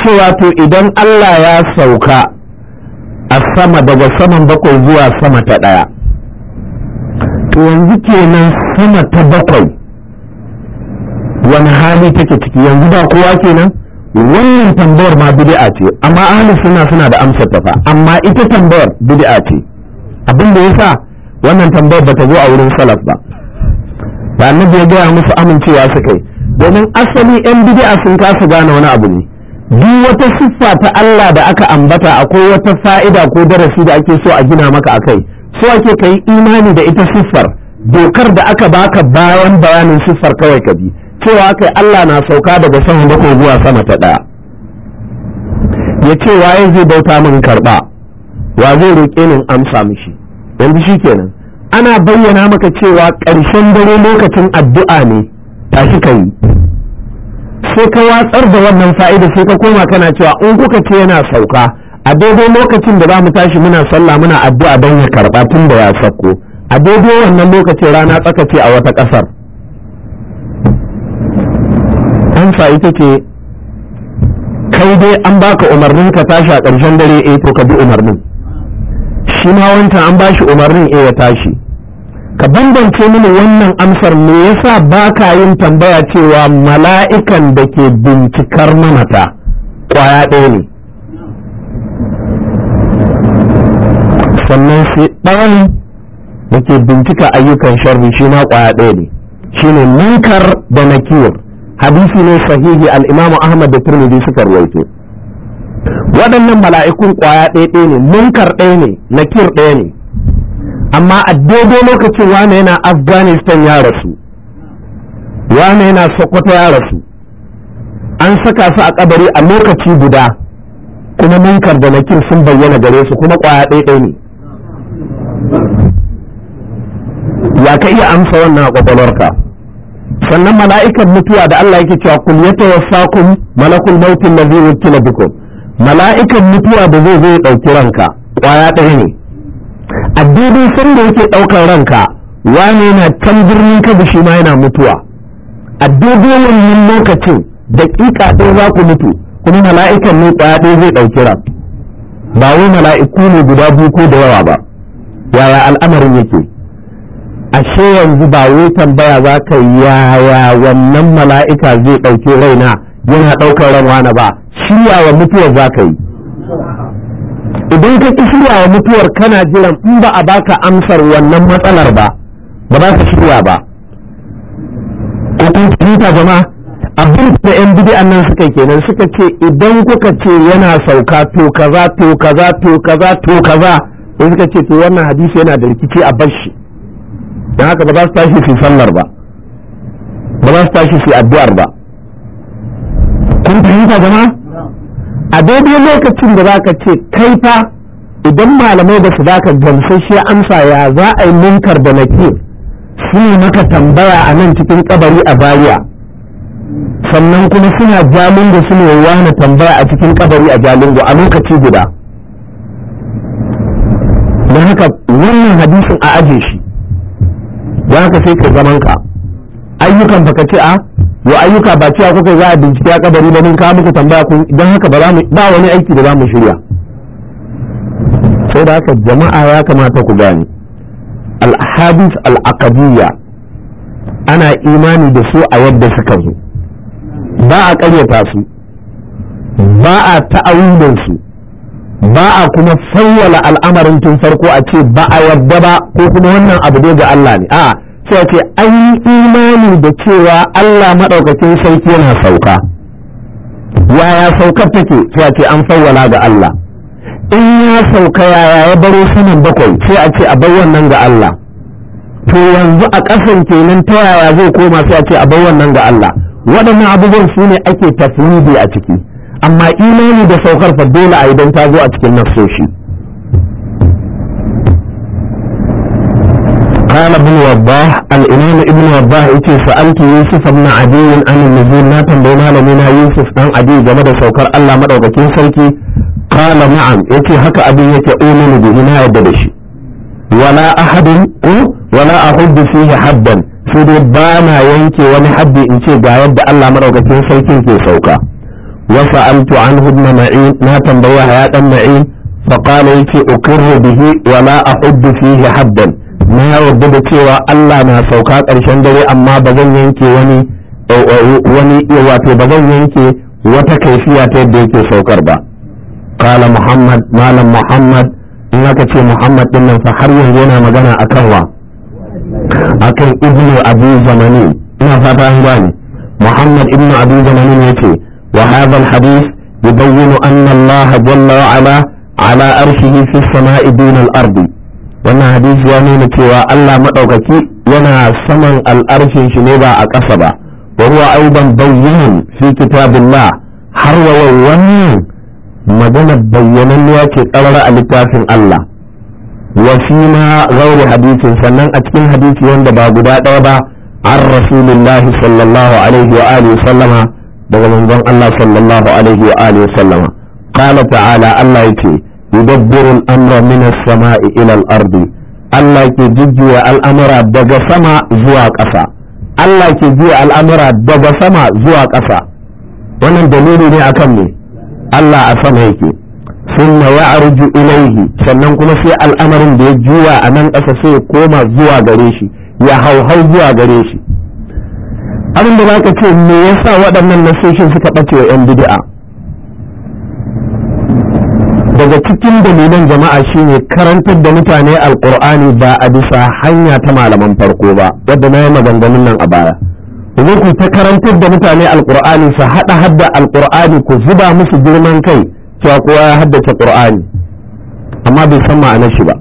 cewa to idan allah ya sauka a sama daga saman bakwai zuwa sama ta ɗaya to yanzu kenan sama ta bakwai wani hali take ciki yanzu ba kowa kenan wannan tambayar ma bid'a ce amma ahli sunna suna da amsar ta fa amma ita tambayar bid'a ce abin da yasa wannan tambayar bata zo a wurin salaf ba Ba annabi ya gaya musu amincewa su kai domin asali yan bid'a sun kasa gane wani abu ne duk wata siffa ta Allah da aka ambata akwai wata fa'ida ko darasi da ake so a gina maka akai so ake kai imani da ita siffar dokar da aka baka bayan bayanin siffar kawai ka bi cewa kai Allah na sauka daga sama bakwai zuwa sama ta ɗaya ya ce waye zai bauta min karɓa wa zai roƙe ni amsa mishi yanzu shi kenan ana bayyana maka cewa ƙarshen dare lokacin addu'a ne tashi ka yi sai ka watsar da wannan fa'ida sai ka koma kana cewa in kuka ce yana sauka a daidai lokacin da za mu tashi muna sallah muna addu'a don ya karɓa tun da ya sauko a daidai wannan lokacin rana tsakace a wata ƙasar amsa ita ce kai dai an baka umarnin ka tashi a ƙarshen dare eh to ka bi umarnin shi ma wancan an bashi umarnin eh ya tashi ka bambance mini wannan amsar me yasa ka yin tambaya cewa mala'ikan da ke bincikar mamata kwaya ɗaya ne sannan sai ɗan da ke bincika ayyukan sharri shi ma kwaya ɗaya ne shi ne munkar da nakir hadisi ne sahihi al-imamu ahmad da turmidi suka rawaito waɗannan mala'ikun ƙwaya ɗaya ne munkar ɗaya ne nakir ɗaya ne amma a daidai lokacin wane yana afghanistan ya rasu wane yana sokoto ya rasu an saka su a kabari a lokaci guda kuma munkar da nakir sun bayyana gare su kuma ƙwaya ɗaya ɗaya ne ya ka iya amsa wannan a ƙwaƙwalwarka sannan mala'ikan mutuwa da Allah yake cewa kul yatawaffakum malakul maut allazi wukila bikum mala'ikan mutuwa da zai zo ya dauki ranka kwaya ɗaya ne addini sun sanda yake daukar ranka wani yana can birnin kabi shi ma yana mutuwa addini daidai wannan lokacin daƙiƙa ɗaya za ku mutu kuma mala'ikan ne kwaya ɗaya zai dauki ran ba wai mala'iku ne guda biyu ko da yawa ba yaya al'amarin yake ashe yanzu ba wai tambaya za ka yaya wannan mala'ika zai ɗauke raina yana ɗaukar ran wani ba wa mutuwar za ka yi idan ka shirya shiryawa mutuwar kana jiran in ba a baka amsar wannan matsalar ba ba za ka shirya ba ko kun fahimta jama'a abin da yan bidi'an nan suka kenan suka ce idan kuka ce yana sauka to kaza to kaza to kaza to kaza sai suka ce to wannan hadisi yana da rikici a bar shi don haka ba za su tashi su sallar ba ba za su tashi su addu'ar ba kun fahimta gama a daidai lokacin da zaka ce kai fa idan malamai ba su baka gamsasshe amsa ya za a yi munkar da nake su maka tambaya a nan cikin kabari a baya sannan kuma suna jalingo suna wani tambaya a cikin kabari a jalingo a lokaci guda don haka wannan hadisin a aje shi don haka sai ka zaman ka ayyukan baka ce a yo ayyuka ba cewa kuka za a bincike a kabari ba mun kawo muku tambaya kun don haka ba wani aiki da za mu shirya sai da haka jama'a ya kamata ku gane al-ahadith ana imani da su a yadda suka zo ba a ƙaryata su ba a ta'awudansu su ba a kuma sawwala al'amarin tun farko a ce ba a yarda ba ko kuma wannan abu dai ga Allah ne a sai ce an imani da cewa Allah madaukakin sarki yana sauka yaya saukar take sai ce an fawwala ga Allah in ya sauka yaya ya baro saman bakwai sai a ce a bar wannan ga Allah to yanzu a ƙasan kenan ta yaya zai koma sai a ce a bar wannan ga Allah waɗannan abubuwan su ne ake tafwidi a ciki amma imani da saukar fa dole a idan ta zo a cikin nafsoshi قال ابن وضاح الامام ابن وضاح يتي سالت يوسف بن عدي عن النزول لا malami na yusuf بن عدي game da saukar Allah madaukakin sarki قال نعم يتي haka abin yake umanu bi ina yadda da shi wala a wala su ya haddan sai dai ba na yanke wani haddi in ce ga yadda Allah madaukakin sarkin ke sauka wasa sa'altu anhu ibn ma'in na tambayi haya dan ma'in fa qala yake ukirru bihi wa la ahuddu fihi haddan na yarda da cewa Allah na sauka karshen dare amma ba zan yanke wani wani wato ba wata kaifiya ta yadda yake saukar ba qala muhammad malam muhammad in aka ce muhammad din nan fa har yanzu yana magana akan wa abu zamani muhammad وهذا الحديث يبين أن الله جل وعلا على أرشه في السماء دون الأرض wannan hadisi ya nuna cewa Allah maɗaukaki yana saman al'arshin shi ne ba a ƙasa ba wa ruwa aidan bayyin fi kitabillah har wa wannan magana bayyananniya ce ƙarar a littafin Allah wa fi ma gauri hadisin sannan a cikin hadisi wanda ba guda ɗaya ba an rasulullahi sallallahu alaihi wa alihi sallama daga manzon Allah sallallahu alaihi wa alihi sallama qala ta'ala Allah yake yudabbiru amra min as-sama'i ila al-ardi Allah ke jujjuya al'amura daga sama zuwa ƙasa Allah ke juya al'amura daga sama zuwa ƙasa wannan dalili ne akan ne Allah a sama yake sun ya arju ilaihi sannan kuma sai al'amarin da ya juya a nan ƙasa sai ya koma zuwa gare shi ya hauhau zuwa gare shi abin da za ka ce me yasa waɗannan nasoshin suka ɓace wa 'yan bid'a daga cikin dalilan jama'a shine karantar da mutane alkur'ani ba a bisa hanya ta malaman farko ba yadda na yi maganganun nan a baya yanzu ku ta karantar da mutane alkur'ani su haɗa hadda alkur'ani ku zuba musu girman kai cewa kowa ya haddace qur'ani amma bai san ma'anar shi ba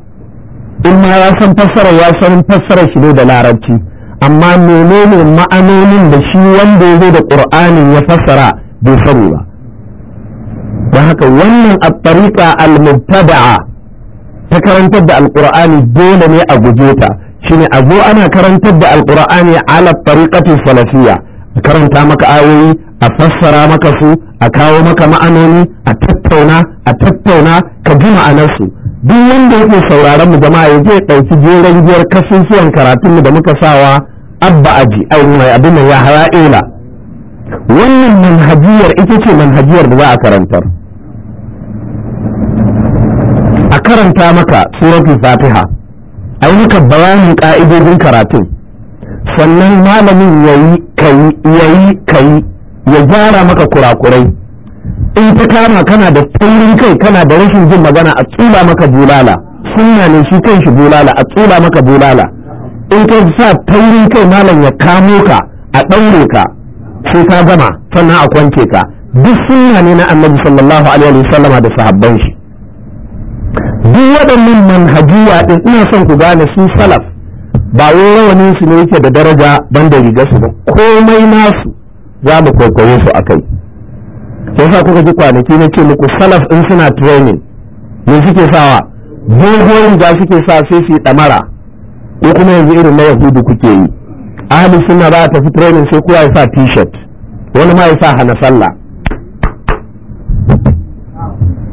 in ma ya san fassara ya san fassara shi ne da larabci amma menene ma'anonin da shi wanda ya zo da ƙur'anin ya fassara bai sani ba don haka wannan a tariƙa al-mubtada'a ta karantar da alƙur'ani dole ne a guje ta shine a zo ana karantar da alƙur'ani ala tariqatu salafiyya a karanta maka ayoyi a fassara maka su a kawo maka ma'anoni a tattauna a tattauna ka ji ma'anarsu duk wanda yake sauraron mu jama'a ya je ɗauki jeren giyar kasusuwan karatun da muka sawa abba aji ai mai abin ya hara'ila wannan manhajiyar ita ce manhajiyar da za a karantar a karanta maka suratul fatiha ai maka bayanin ka'idodin karatun sannan malamin yayi kai yayi kai ya gyara maka kurakurai in ta kama kana da taurin kai kana da rashin jin magana a tsula maka bulala sunna ne shi kan shi bulala a tsula maka bulala in ka sa taurin kai malam ya kamo ka a ɗaure ka sai ka gama sannan a kwance ka duk sunna ne na annabi sallallahu alaihi sallama da sahabban shi duk waɗannan manhajuwa ɗin ina son ku gane su salaf ba wai rawanin su ne yake da daraja ban da riga su ba komai nasu za mu kwaikwaye su a kai Ya sa kuka ji kwanaki na ce muku salaf in suna training me suke sawa doguwar riga suke sa sai su yi ɗamara ko kuma yanzu irin na yahudu kuke yi ahli sunna ba ta fi training sai kowa ya sa t-shirt wani ma ya sa hana sallah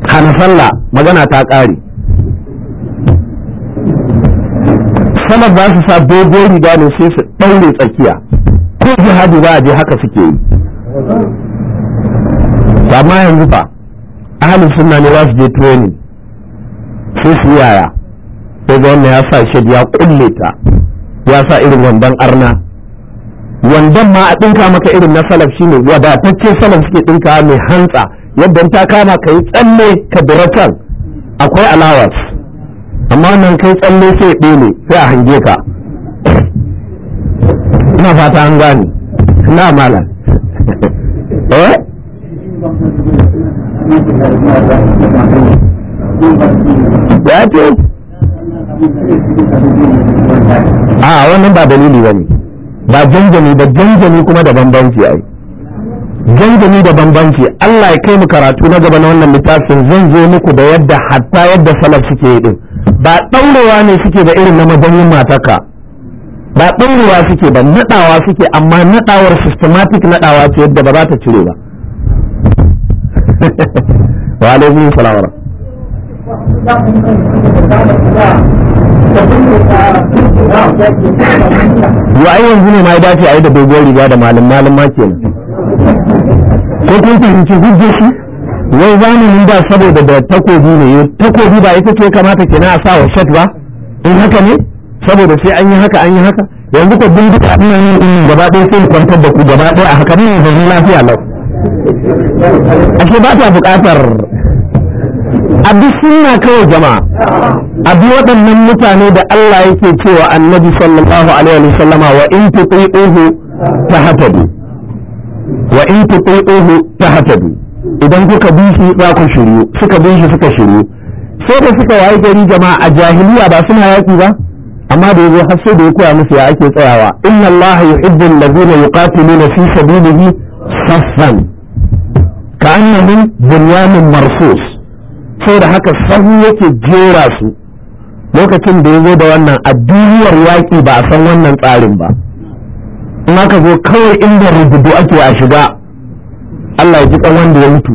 hana magana ta ƙare sama ba su sa dogon riga ne sai su ɗaure tsakiya ko jihadi ba a je haka suke yi ba ma yanzu ba ahli sunna ne ba su je training sai su yaya sai ga wannan ya sa shid ya kulle ta ya sa irin wandan arna wandan ma a ɗinka maka irin na salaf da wadatacce salaf suke dinka mai hantsa yadda ta kama ka yi tsalle ka dira akwai alawas amma nan kai tsalle sai ne sai a hange ka ina fata an gane na mala eh? ya ce a wannan ba dalili ba ne ba janjami ba janjami kuma da bambanci ai janjami da bambanci Allah ya kai mu karatu na gaba na wannan littafin zan zo muku da yadda hatta yadda salaf suke yi din ba daurewa ne suke ba irin na madanyin mataka ba daurewa suke ba naɗawa suke amma naɗawar systematic naɗawa ce yadda ba za ta cire ba wa alaikum salam Wa ai yanzu ne ma ya dace a yi da dogon riga da malin malin ma kenan ko kun fahimci shi wai zamanin da saboda da takobi ne takobi ba ita ce kamata ke a sa wa shat ba in haka ne saboda sai an yi haka an yi haka yanzu ko bin duka ina yin in gaba ɗaya sai kwantar da ku gaba ɗaya a haka ne yanzu lafiya lau ashe ba ta buƙatar abi sunna kawai jama'a abi waɗannan mutane da Allah yake cewa annabi sallallahu alaihi wa sallama wa in tuti'uhu tahtadu wa in tuti'uhu tahtadu idan kuka bi shi za ku shiru suka bi shi suka shiru sai da suka waye gari jama'a a jahiliya ba suna yaki ba amma da yazo har sai da ya koya musu ya ake tsayawa inna allaha yuhibbu allazina yuqatiluna fi sabilihi saffan ka'annahum bunyanun marsus saboda haka sahu yake jera su lokacin da ya zo da wannan a duniyar yaƙi ba a san wannan tsarin ba in aka zo kawai inda rubutu ake a shiga Allah ya ji kan wanda ya mutu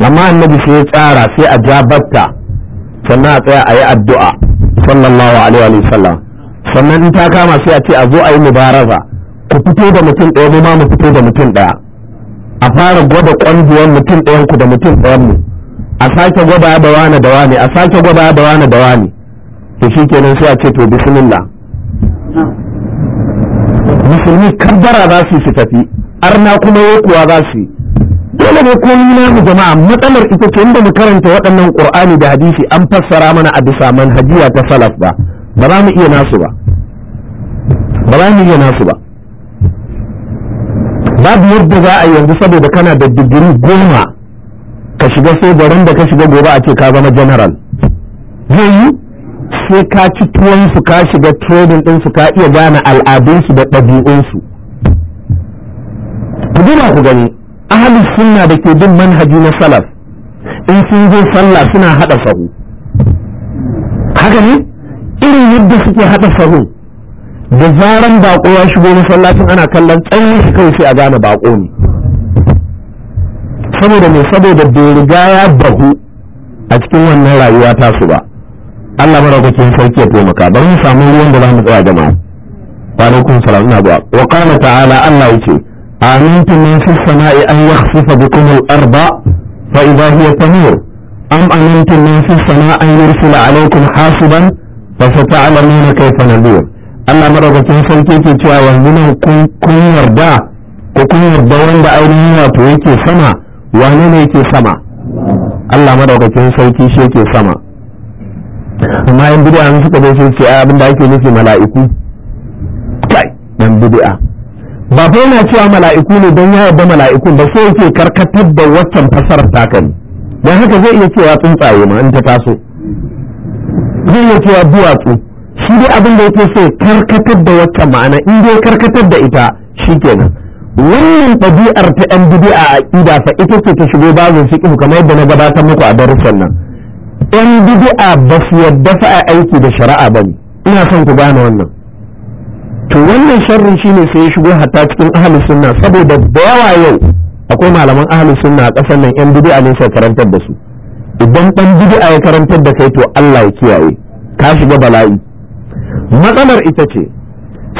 amma annabi sai ya tsara sai a jabatta sannan a tsaya a yi addu'a sallallahu alaihi wa sallam sannan in ta kama sai a ce a zo a yi mubaraza ku fito da mutum ɗaya mu ma mu fito da mutum ɗaya a fara gwada ƙwanduwan mutum ɗayan ku da mutum ɗayan mu a sake gwada da wani da ne a sake gwada da wani da wani to kenan sai a ce to bismillah musulmi kaddara za su su tafi arna kuma kuwa za su dole ne komai na mu jama'a matsalar ita ce inda mu karanta waɗannan qur'ani da hadisi an fassara mana a bisa manhajiya ta salaf ba ba za mu iya nasu ba ba za mu iya nasu ba babu yadda za a yanzu saboda kana da digiri goma ka shiga sojaran da ka shiga gobe a ce ka zama general zai yi sai ka ci tuwonsu ka shiga training ɗinsu ka iya gane al'adunsu da ɗabi'unsu ku duba ku gani ahalus sunna da ke bin manhaji na salaf in sun zo sallah suna haɗa sahu haka ne irin yadda suke haɗa sahu da zaran baƙo ya shigo masallacin ana kallon tsayin shi kawai sai a gane baƙo ne saboda mai saboda bai riga ya bahu a cikin wannan rayuwa tasu ba Allah maraukakin sarki ya taimaka bari mu samu ruwan da za mu tsaya jama'a wa alaikum salam ina zuwa wa qala ta'ala Allah ce. amintu min fis sama'i an yakhsifa bikum al-arda fa idha hiya tamur am amintu min fis sama'i an yursila alaykum hasiban fa sata'lamuna kayfa nadur Allah maraukakin sarki ke cewa yanzu nan kun kun yarda ko kun yarda wanda ainihin wato yake sama wane ne yake sama Allah madaukakin sarki shi yake sama amma yan bid'a sun suka zo ce ah, abin abinda ake nufi mala'iku kai yan bid'a ba fa yana cewa mala'iku ne don ya yarda mala'ikun ba sai yake karkatar da waccan fasarar taka ne dan haka zai iya cewa tsuntsaye ma in ta taso zai iya cewa duwatsu shi dai abin da yake so karkatar da waccan ma'ana in dai karkatar da ita shikenan wannan ɗabi'ar ta yan bid'a a aqida fa ita ce ta shigo bazin fiqh kamar yadda na gabatar muku a darussan nan yan bid'a ba su yadda fa a aiki da shari'a ba ne ina son ku gane wannan to wannan sharri shine sai ya shigo hatta cikin ahlus sunna saboda da yawa yau akwai malaman ahlus sunna a ƙasar nan yan bid'a ne sai karantar da su idan ɗan bid'a ya karantar da kai to Allah ya kiyaye ka shiga bala'i matsalar ita ce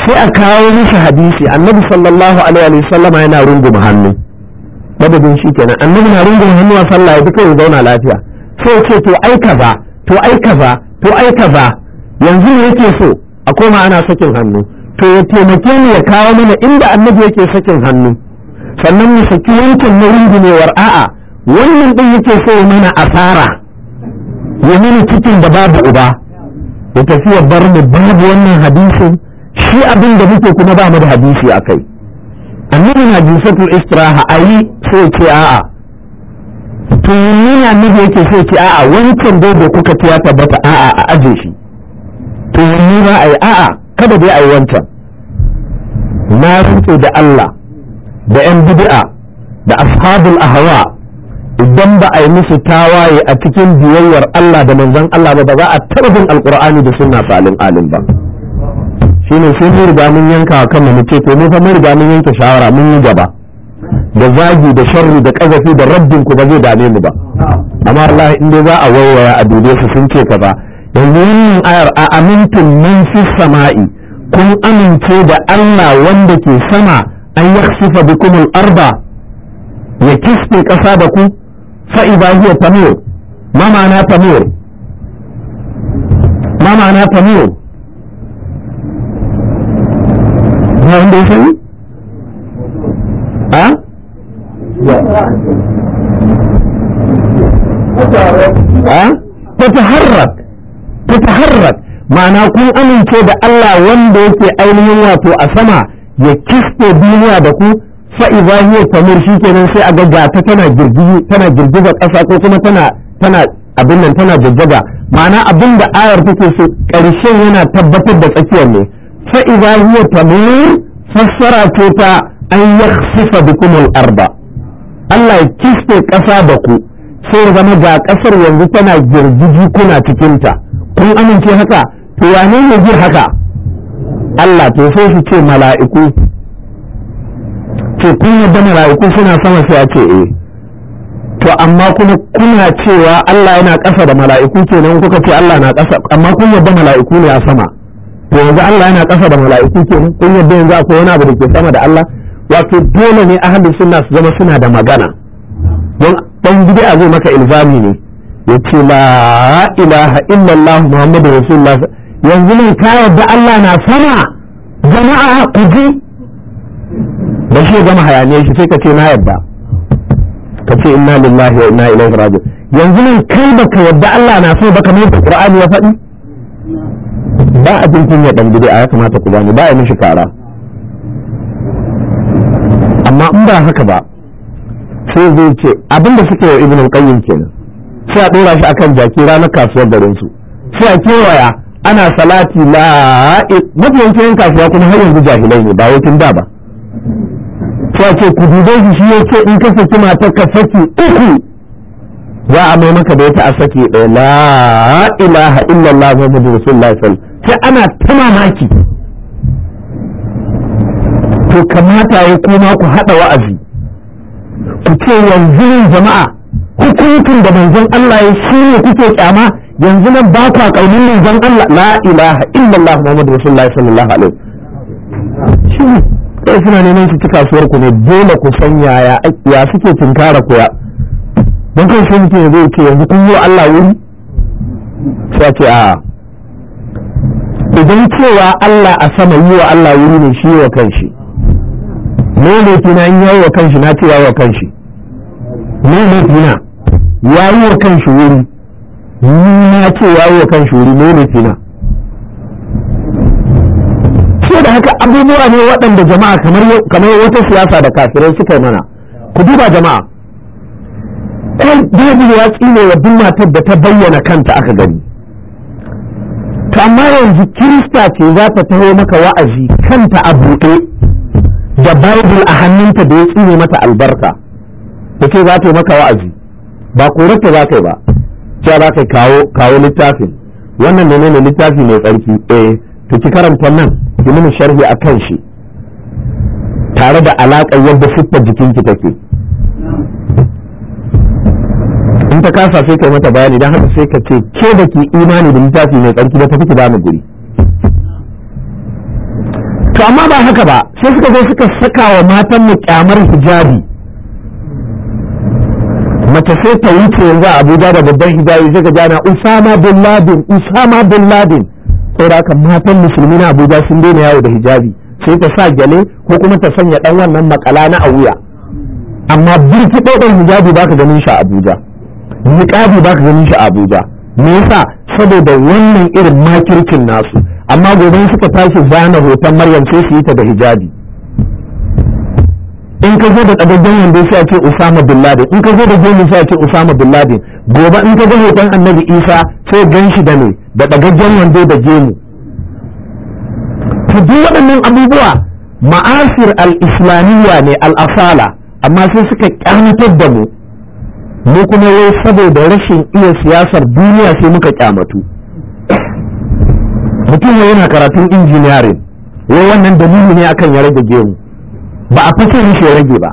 sai a kawo mishi hadisi annabi sallallahu alaihi wa sallama yana runguma hannu madadin shi kenan annabi na runguma hannu a sallah ya duka ya zauna lafiya sai ce to ai kaza to ai kaza to ai kaza yanzu ne yake so a koma ana sakin hannu to ya taimake ni ya kawo mana inda annabi yake sakin hannu sannan mu saki yankin na rungumewar a'a wannan din yake so ya mana asara ya mini cikin da babu uba da tafiya bar mu babu wannan hadisin shi abin da muke kuma ba mu da hadisi a kai na na istiraha a yi sai ce a'a to nuna yake sai ce a'a wancan dai da kuka ci tabbata a'a a aje shi to ni ba a a'a kada dai a wancan na rike da Allah da yan bid'a da ashabul ahwa idan ba a yi musu tawaye a cikin biyayyar Allah da manzon Allah ba ba za a tarbin alqur'ani da sunna salin alim ba shine sai mun riga mun yanka kan mu ce to mu fa mun riga mun yanke shawara mun yi gaba da zagi da sharri da kazafi da rabbin ku ba zai dame mu ba amma Allah in dai za a waiwaya a dube su sun ce kaza yanzu wannan ayar a amintun man fi sama'i kun amince da Allah wanda ke sama an yakhsifa bikum al-arba ya kisbe kasa da ku fa idha hiya tamur ma ma'ana tamur ma ma'ana tamur amma wanda ya sani a ma'ana kun amince da Allah wanda yake ainihin wato a sama ya kiste duniya da ku fa'iza tamur shi kenan sai a ga ta tana girgiza tana girgiza ƙasa ko kuma tana tana abin nan tana jajjaga ma'ana abin da ayar take so ƙarshen yana tabbatar da tsakiyar ne فإذا هو تمور فسرى ce ta an بكم الأرض arba Allah ya سير ƙasa da ku sai zama ga ƙasar yanzu tana girgiji kuna cikinta kun amince haka to wane ne haka Allah to sai su ce ce kun yadda mala'iku suna sama sai a ce to amma kuma kuna cewa Allah yana ƙasa da mala'iku kenan kuka ce Allah na ƙasa amma kun yadda mala'iku ne a sama to yanzu Allah yana ƙasa da mala'iku kenan kun yadda yanzu akwai wani abu da ke sama da Allah wato dole ne ahlus sunna su zama suna da magana don dan bid'a zai maka ilzami ne yace la ilaha illallah muhammadur rasulullah yanzu ne ka yadda Allah na sama jama'a ku ji da shi gama hayaniyar shi sai ka ce na yadda ka ce inna lillahi wa inna ilaihi raji'un yanzu ne kai baka yadda Allah na so baka mai Qur'ani ya faɗi ba a ya kunya a bid'a ya kamata ku gane ba ya mishi kara amma in ba haka ba sai zai ce abinda suke wa ibnu qayyim kenan sai a dora shi akan jaki ranar kasuwar garinsu su sai a kewaya ana salati la mafiyancin yan kasuwa kuma har yanzu jahilai ne ba wakin da ba sai a ce ku dube shi shi yake in ka saki matar ka saki uku za a mai maka da ita a saki ɗaya la ilaha illallah muhammadu rasulullahi sallallahu sai ana ta mamaki to kamata ya koma ku haɗa wa'azi ku ce yanzu jama'a hukuncin da manzon Allah ya shi ne kuke kyama yanzu nan ba kwa kaunin manzon Allah la ilaha illallah muhammadu rasulullah sallallahu alaihi shi kai suna neman su ci kasuwar ku ne dole ku san yaya ya suke tunkara ku ya don kai sai ne zai ce yanzu kun yi Allah wuri sai a ce a'a idan cewa Allah a sama yi wa Allah wuri ne shi wa kanshi ne ne kina in wa kanshi na cewa wa kanshi ne ne kina yi wa kanshi wuri na ce yi wa kanshi wuri ne ne kina so da haka abubuwa ne waɗanda jama'a kamar wata siyasa da kafirai suka yi mana ku duba jama'a kai babu ya tsine wa duk matar da ta bayyana kanta aka gani to yanzu kirista ce za ta taho maka wa'azi kanta a buɗe da bible a hannunta da ya tsine mata albarka ta ce za ta yi maka wa'azi ba korarta za ka yi ba cewa za ka kawo kawo littafin wannan ne ne littafi mai tsarki eh ta ki karanta nan ki mini sharhi a kan shi tare da alaƙar yadda siffar jikinki take in ta kasa sai kai mata bayani dan haka sai ka ce ke da ke imani da littafi mai tsarki da ta fi ba mu guri to amma ba haka ba sai suka zo suka saka wa matan mu kyamar hijabi mace sai ta wuce yanzu a Abuja da babban hijabi sai ka jana Usama bin Laden Usama bin Laden saboda haka matan musulmi na Abuja sun daina yawo da hijabi sai ta sa gyale ko kuma ta sanya dan wannan makala na a wuya amma birki ɗauɗin hijabi ba ka ganin shi a Abuja niqabi ba ka ganin shi a Abuja me yasa saboda wannan irin makircin nasu amma gobe suka tashi zana hoton Maryam sai su yi ta da hijabi in ka zo da ɗagaggen wando sai a ce Usama bin Laden in ka zo da gemu sai a ce Usama bin Laden gobe in ka ga hoton Annabi Isa sai gan shi da ne da ɗagaggen wando da gemu to duk waɗannan abubuwa ma'asir al-islamiyya ne al-asala amma sai suka kyamatar da mu mu kuma wai saboda rashin iya siyasar duniya sai muka kyamatu mutum ya yana karatun injiniyarin wai wannan dalili ne akan ya rage gemu ba a fasar shi ya rage ba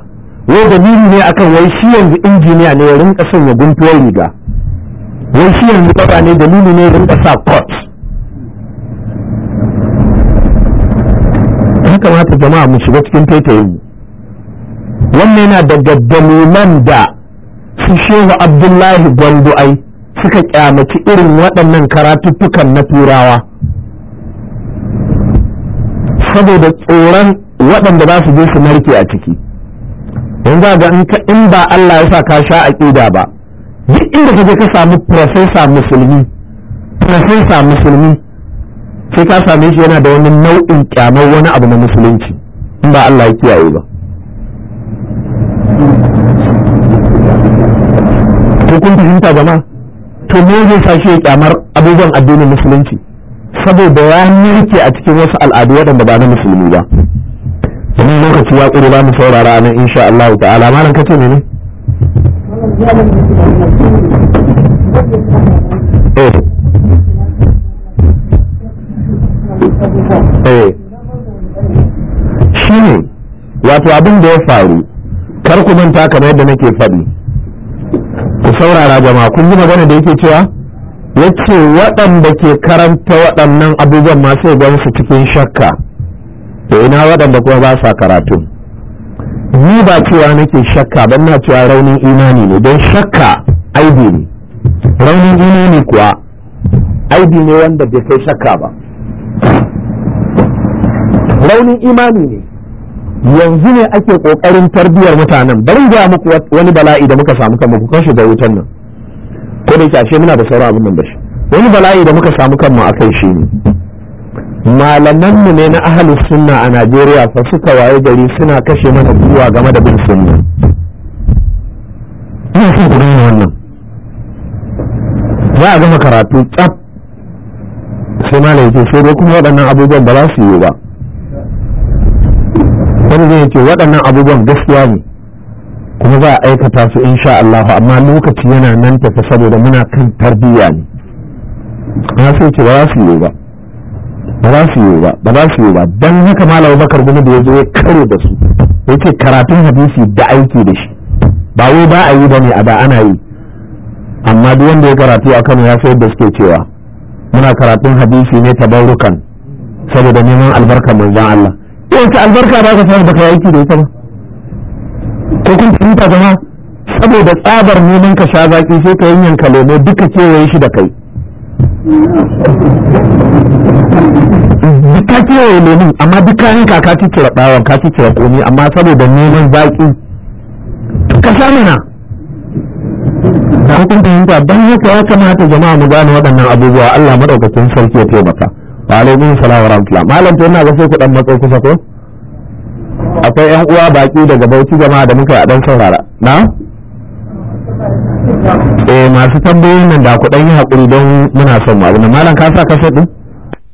wai dalili ne akan wai shi yanzu injiniya ne ya rinka son ya guntuwar riga wai shi yanzu baba ne dalili ne ya rinka sa court ya kamata jama'a mu shiga cikin taitayin wannan yana daga dalilan da su shehu abdullahi gwandu'ai suka kyamaci irin waɗannan karatuttukan na turawa saboda tsoron waɗanda za su je su narke a ciki In za ga in ba Allah ya sa ka sha aƙida ba duk inda ka je ka sami profesa musulmi profesa musulmi sai ka same shi yana da wani nau'in kyamar wani abu na musulunci in ba Allah ya kiyaye ba kun fahimta ba ma to me zai sa shi ya kyamar abubuwan addinin musulunci saboda ya narke a cikin wasu al'adu waɗanda ba na musulmi ba kuma lokaci ya ƙuri ba mu saurara nan insha Allah ta'ala malam kace ne ne eh. eh. shi ne wato abin da ya faru kar ku manta kamar yadda nake faɗi ku saurara jama'a kun ji magana da yake cewa yace waɗanda ke karanta waɗannan abubuwan masu sai su cikin shakka to ina waɗanda kuma ba sa karatu ni ba cewa nake shakka ban na cewa raunin imani ne don shakka aibi ne raunin imani kuwa aibi ne wanda bai kai shakka ba raunin imani ne yanzu ne ake kokarin tarbiyar mutanen bari ga muku wani bala'i da muka samu kanmu ku kashe da wutan nan ko da yake muna da sauran abin nan ba shi wani bala'i da muka samu kanmu akan shi ne malaman mu ne na ahli sunna a Najeriya fa suka waye gari suna kashe mana gwiwa game da bin sunna ina son ku gane wannan za a gama karatu tsaf sai malai ce sai dai kuma waɗannan abubuwan ba za su yi ba wani zai ce waɗannan abubuwan gaskiya ne kuma za a aikata su in sha Allah amma lokaci yana nan tafi saboda muna kan tarbiyya ne na sai ce ba za su yi ba ba za su yi ba ba za su yi ba dan haka malam Bakar gumi da ya zo ya kare da su yace karatun hadisi da aiki da shi ba wai ba a yi ba ne a da ana yi amma duk wanda ya karatu a Kano ya sayar da suke cewa muna karatun hadisi ne ta baurukan saboda neman albarkar manzon Allah ta albarka ba ka samu ba ka yi aiki da ita ba ko kun fahimta jama'a saboda tsabar neman ka sha zaki sai ka yanka lemo duka kewaye shi da kai duka kewaye lemun amma duk kayan ka ka ciccire bawon ka ciccire komi amma saboda neman zaki ka sha mana da kun fahimta don haka ya kamata jama'a mu gane waɗannan abubuwa Allah madaukakin sarki ya taimaka wa alaikum salam wa rahmatullah malam to ina ga sai ku dan matso kusa ko akwai yan uwa baki daga Bauchi jama'a da muka yi a dan saurara na eh masu tambayoyin nan da ku dan yi hakuri don muna son mu abu malam ka sa kaset din